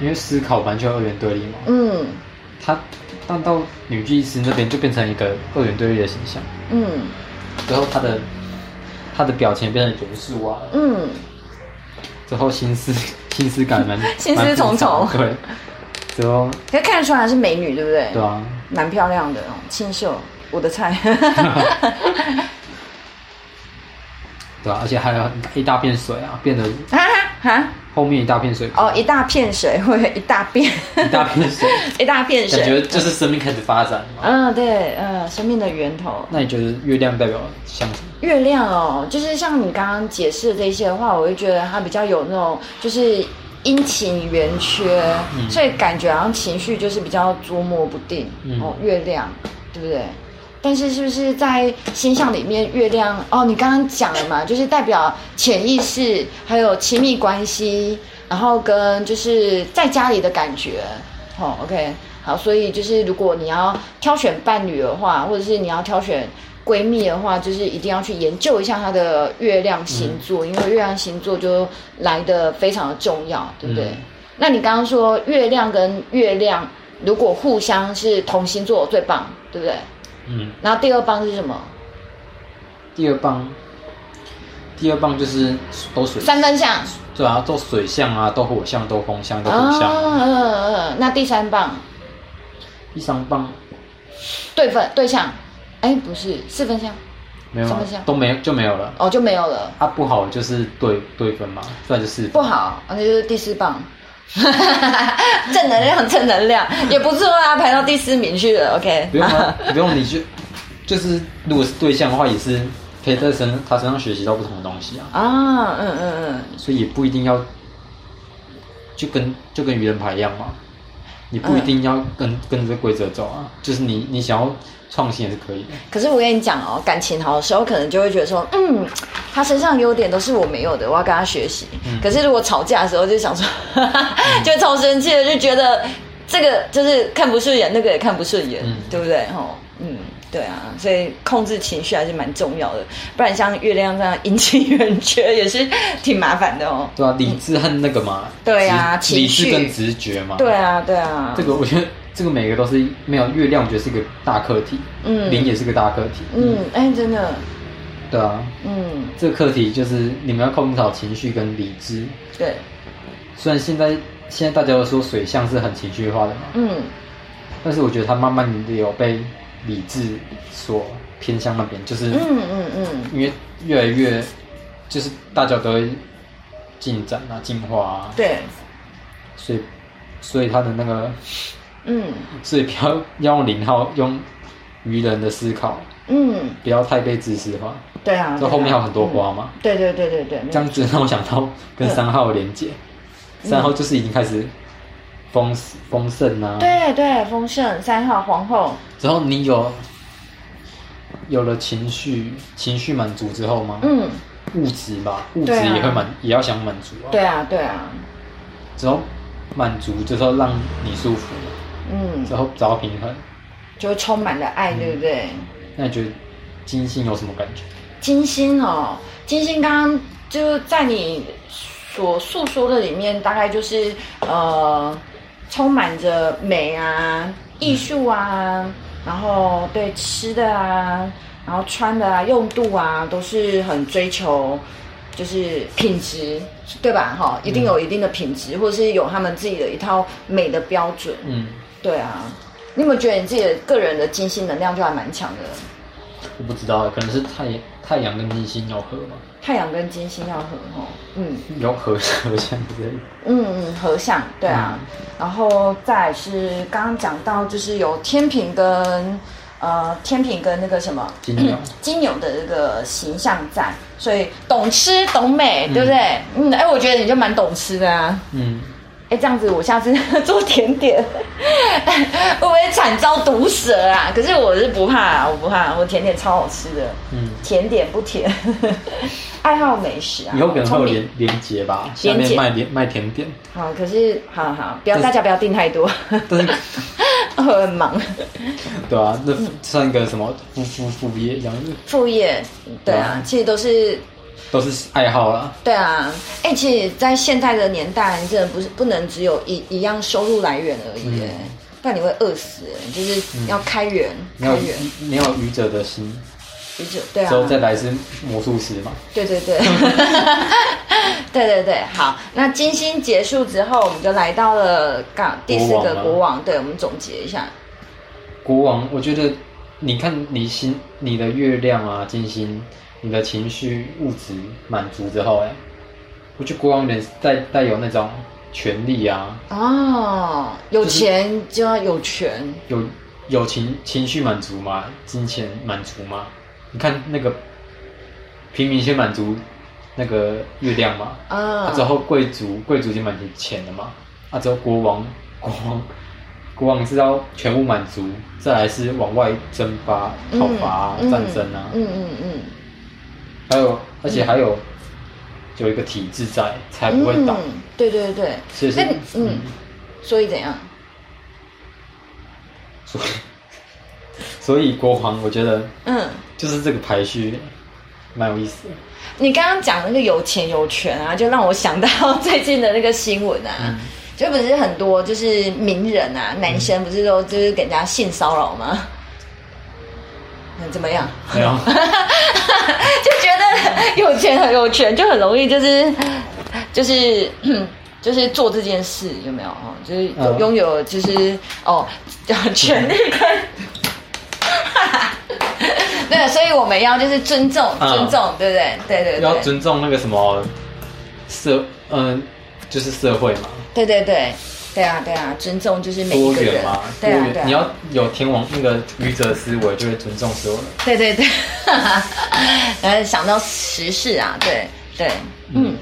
嗯，因為思考完全二元對立嘛。嗯，他。但到女祭司那邊就變成一個二元對立的形象，嗯，之後她的她的表情變成嚴肅啊，嗯，之後心思心思感很，心思重重，對，之後，可看得出來是美女，對不對？對啊，蠻漂亮的，哦，清秀，我的菜， 對啊，而且還有一大片水啊，變得哈哈。哈後面一大片水哦，oh, 一大片水或者一大片，一大片水，一大片水， 一大片水 一大片水 感覺就是生命開始發展。嗯，對，嗯，生命的源頭。那你覺得月亮代表像什麼？月亮哦，就是像你剛剛解釋的這些的話，我就覺得它比較有那種就是陰晴圓缺。嗯，所以感覺好像情緒就是比較捉摸不定。嗯。哦，月亮，對不對？但是是不是在星象裡面，月亮哦？你剛剛講了嘛，就是代表潛意識，還有親密關係，然後跟就是在家裡的感覺，好，哦，OK，好，所以就是如果你要挑選伴侶的話，或者是你要挑選閨蜜的話，就是一定要去研究一下她的月亮星座，嗯，因為月亮星座就來的非常的重要，對不對？嗯，那你剛剛說月亮跟月亮如果互相是同星座最棒，對不對？嗯，然後第二棒是什麼？第二棒，第二棒就是都水三分相，對啊，做水相啊，都火相，都風相，都火相，哦嗯。那第三棒？第三棒，對分對相，哎，不是四分相，沒有三分相都沒就沒有了，哦就沒有了，它，啊，不好就是對對分嘛，對就是不好，那，嗯、就是第四棒。哈哈哈！正能量，正能量也不錯啊， 排到第四名去了。OK，不用啊， 不用，你去，就是，如果是對象的話，也是可以在身他身上學習到不同的東西啊。啊、哦，嗯嗯嗯，所以也不一定要就，就跟就跟愚人牌一樣嘛，你不一定要跟，嗯、跟着規則走啊，就是你你想要，創新也是可以的。可是我跟你講哦，感情好的時候可能就會覺得說，嗯，他身上的優點都是我沒有的，我要跟他學習。嗯、可是如果吵架的時候，就想說，呵呵嗯、就會超生氣的，就覺得這個就是看不順眼，那個也看不順眼、嗯，對不對？哦，嗯，對啊，所以控制情緒還是蠻重要的，不然像月亮這樣陰晴圓缺也是挺麻煩的哦。對啊，理智和那個嘛。嗯、對啊情，理智跟直覺嘛。對啊，對啊。這個我覺得。這個每個都是沒有月亮，我覺得是一個大課題。嗯，零也是一個大課題嗯。嗯，哎，真的。對啊。嗯。這個課題就是你們要控制好情緒跟理智。對。雖然現在現在大家都說水象是很情緒化的嘛。嗯。但是我覺得他慢慢的有被理智所偏向那邊，就是嗯嗯嗯，因為，嗯，嗯，越來越就是大家都會進展啊進化啊。對。所以，所以他的那個。嗯，所以不要要用零號，用愚人的思考。嗯，不要太被知識化。對、嗯、啊，這後面還有很多花嘛。嗯、對，對對對對對，這樣子讓我想到跟三號的連接、嗯。三號就是已經開始豐豐、嗯、盛啊。對對，豐盛。三號皇後。之後你有有了情緒，情緒滿足之後嗎？嗯，物質吧，物質也會滿，啊、也要想滿足、啊。對啊，對啊。之後滿足，就說讓你舒服嗯，最後找到平衡，就充滿了愛，嗯、對不對？那你覺得金星有什麼感覺？金星哦，金星剛剛就在你所訴說的裡面，大概就是呃，充滿着美啊、藝術啊，嗯、然後對吃的啊，然後穿的啊、用度啊，都是很追求就是品質，對吧？哈、嗯，一定有一定的品質，或者是有他們自己的一套美的標準，嗯。對啊，你有沒有覺得你自己的個人的金星能量就還蠻強的？我不知道，可能是太太陽跟金星要合嘛。太陽跟金星要合哦，嗯，要合合相，對不對？嗯，合相，對啊、嗯，然後再來是剛剛講到就是有天秤跟呃天秤跟那個什麼金牛，嗯，金牛的那個形象在，所以懂吃懂美，嗯，對不對？嗯，哎，我覺得你就蠻懂吃的啊，嗯。這樣子，我下次做甜點會不會慘遭毒舌啊？可是我是不怕啊，我不怕啊，我甜點超好吃的。嗯，甜點不甜，愛好美食啊。以後可能會有連連接吧，下面賣連連賣甜點。好，可是好好，不要大家不要訂太多，對，我 很忙。對啊，那算一個什麼副副副業一樣，副業，副業對，啊對啊，其實都是。都是愛好了。對啊，哎、欸，其實在現代的年代，真的不是不能只有一一樣收入來源而已耶。嗯、不然你會餓死，就是要開源、嗯。開源，你要有愚者的心。愚者，對啊。之後再來是魔術師嘛對、啊？對對對， 對,對對對，好。那金星結束之後，我們就來到了剛第四個國王。國王啊、對我們總結一下。國王，我覺得你看你心，你的月亮啊，金星。你的情緒、物質滿足之後，我覺得國王人帶帶有那種權利啊？哦，有錢就要有權，就是、有有情情緒滿足嘛？金錢滿足嘛？你看那個平民先滿足那個月亮嘛，哦、啊，之後貴族貴族已經滿足錢了嘛，啊，之後國王國王國王是要全部滿足，再來是往外征伐討伐、啊嗯嗯、戰爭啊，嗯嗯嗯。嗯嗯還有，而且還有，嗯、有一個體制在才不會倒。對、嗯、對對對。所以、欸、嗯，所以怎樣？所以，所以國皇，我覺得，嗯，就是這個排序，蠻、嗯、有意思。你剛剛講那個有錢有權啊，就讓我想到最近的那個新聞啊、嗯，就不是很多就是名人啊，男生不是都就是給人家性騷擾嗎？嗯怎麼樣？沒有， 就覺得有錢很有權，就很容易、就是，就是就是就是做這件事，有沒有啊？就是擁有，就是、呃、哦，有權力跟，哈哈，對，所以我們要就是尊重、嗯，尊重，對不對？對對對，要尊重那個什麼社，嗯、呃，就是社會嘛。對對對。對啊，對啊，尊重就是每一個人嘛。對、啊、對對、啊，你要有天王那個愚者思維，就會尊重所有人。對對對，哈哈，呃，想到時事啊，對對，嗯。嗯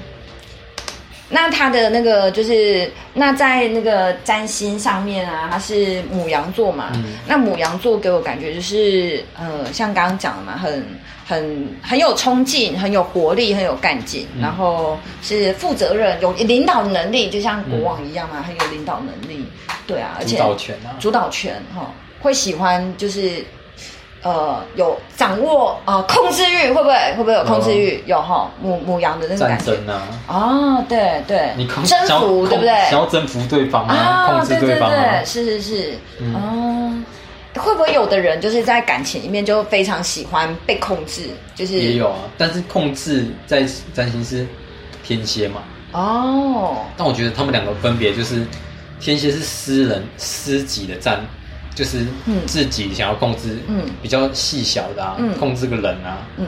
那他的那個就是，那在那個占星上面啊，他是牡羊座嘛。嗯、那牡羊座給我感覺就是，呃，像剛剛講的嘛，很很很有衝勁，很有活力，很有幹勁、嗯，然後是負責任，有領導能力，就像國王一樣嘛，嗯、很有領導能力。對啊，啊而且主導權啊，主導權哈，會喜歡就是。呃，有掌握啊、呃，控制慾會不會會不會有控制慾？哦、有哈、哦，牡牡羊的那種，感覺。戰爭啊！啊、哦，對對你，征服想要對不對？想要征服對方、啊啊、控制對方、啊。對，對，對，是是是、嗯，哦，會不會有的人就是在感情裡面就非常喜歡被控制？就是也有啊，但是控制在占星是天蠍嘛？哦，但我覺得他們兩個分別就是天蠍是私人私己的占。就是自己想要控制比較細小的、啊嗯，控制個人啊，嗯，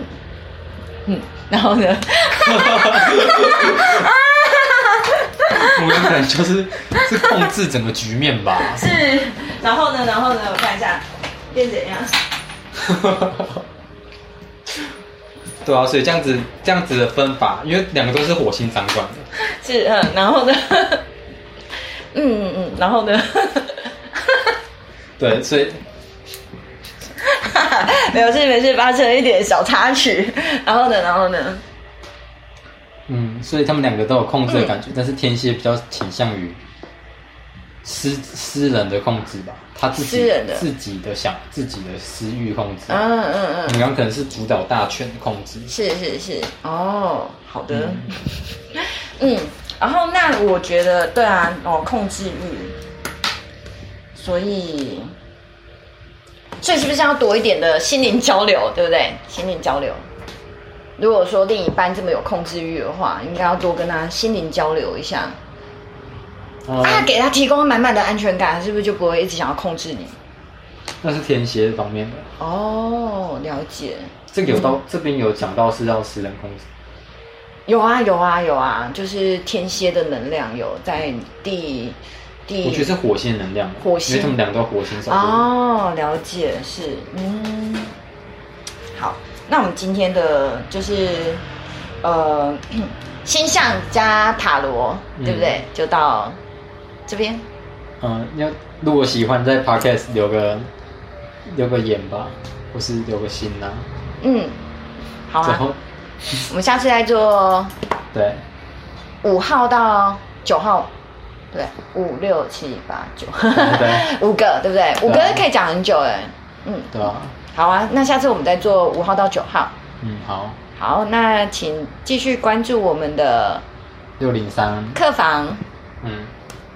嗯，然後呢， 我原本就是是控制整個局面吧。是，然後呢，然後呢，我看一下變怎樣？ 對啊，所以這樣子這樣子的分法，因為兩個都是火星掌管的。是，嗯，然後呢， 嗯嗯，然後呢。對，所以，沒有事沒事，沒事發生一點小插曲，然後呢，然後呢？嗯，所以他們兩個都有控制的感覺，嗯、但是天蠍比較傾向於私私人的控制吧，他自己的，自己的想自己的私欲控制。嗯嗯嗯，你剛，剛可能是主導大權控制。是是是。哦，好的嗯。嗯，然後那我覺得，對啊，哦，控制欲。所以，所以是不是要多一點的心靈交流，對不對？心靈交流。如果說另一半這麼有控制慾的話，應該要多跟他心靈交流一下，嗯，啊，給他提供滿滿的安全感，是不是就不會一直想要控制你？那是天蠍方面的哦，了解。這有到這邊有講到是要私人控制，嗯、有啊有啊有啊，就是天蠍的能量有在第。我覺得是火星能量，火星因為他們兩個火星上。哦，了解，是，嗯，好，那我們今天的就是呃，星象加塔羅，對不對、嗯？就到這邊。嗯，要，如果喜歡，在 Podcast 留個留個言吧，或是留個信吶、啊。嗯，好啊。我們下次再做。對。五號到九號。對，五六七八九，五個，對不對？對，五個可以講很久哎。嗯，對啊。好啊，那下次我們再做五號到九號。嗯，好。好，那請繼續關注我們的六零三客房。嗯，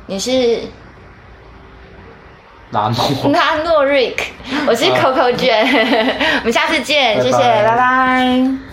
你是拉 拿諾，拉諾瑞克，我是 Coco Jane，我們下次見，拜拜，謝謝，拜拜。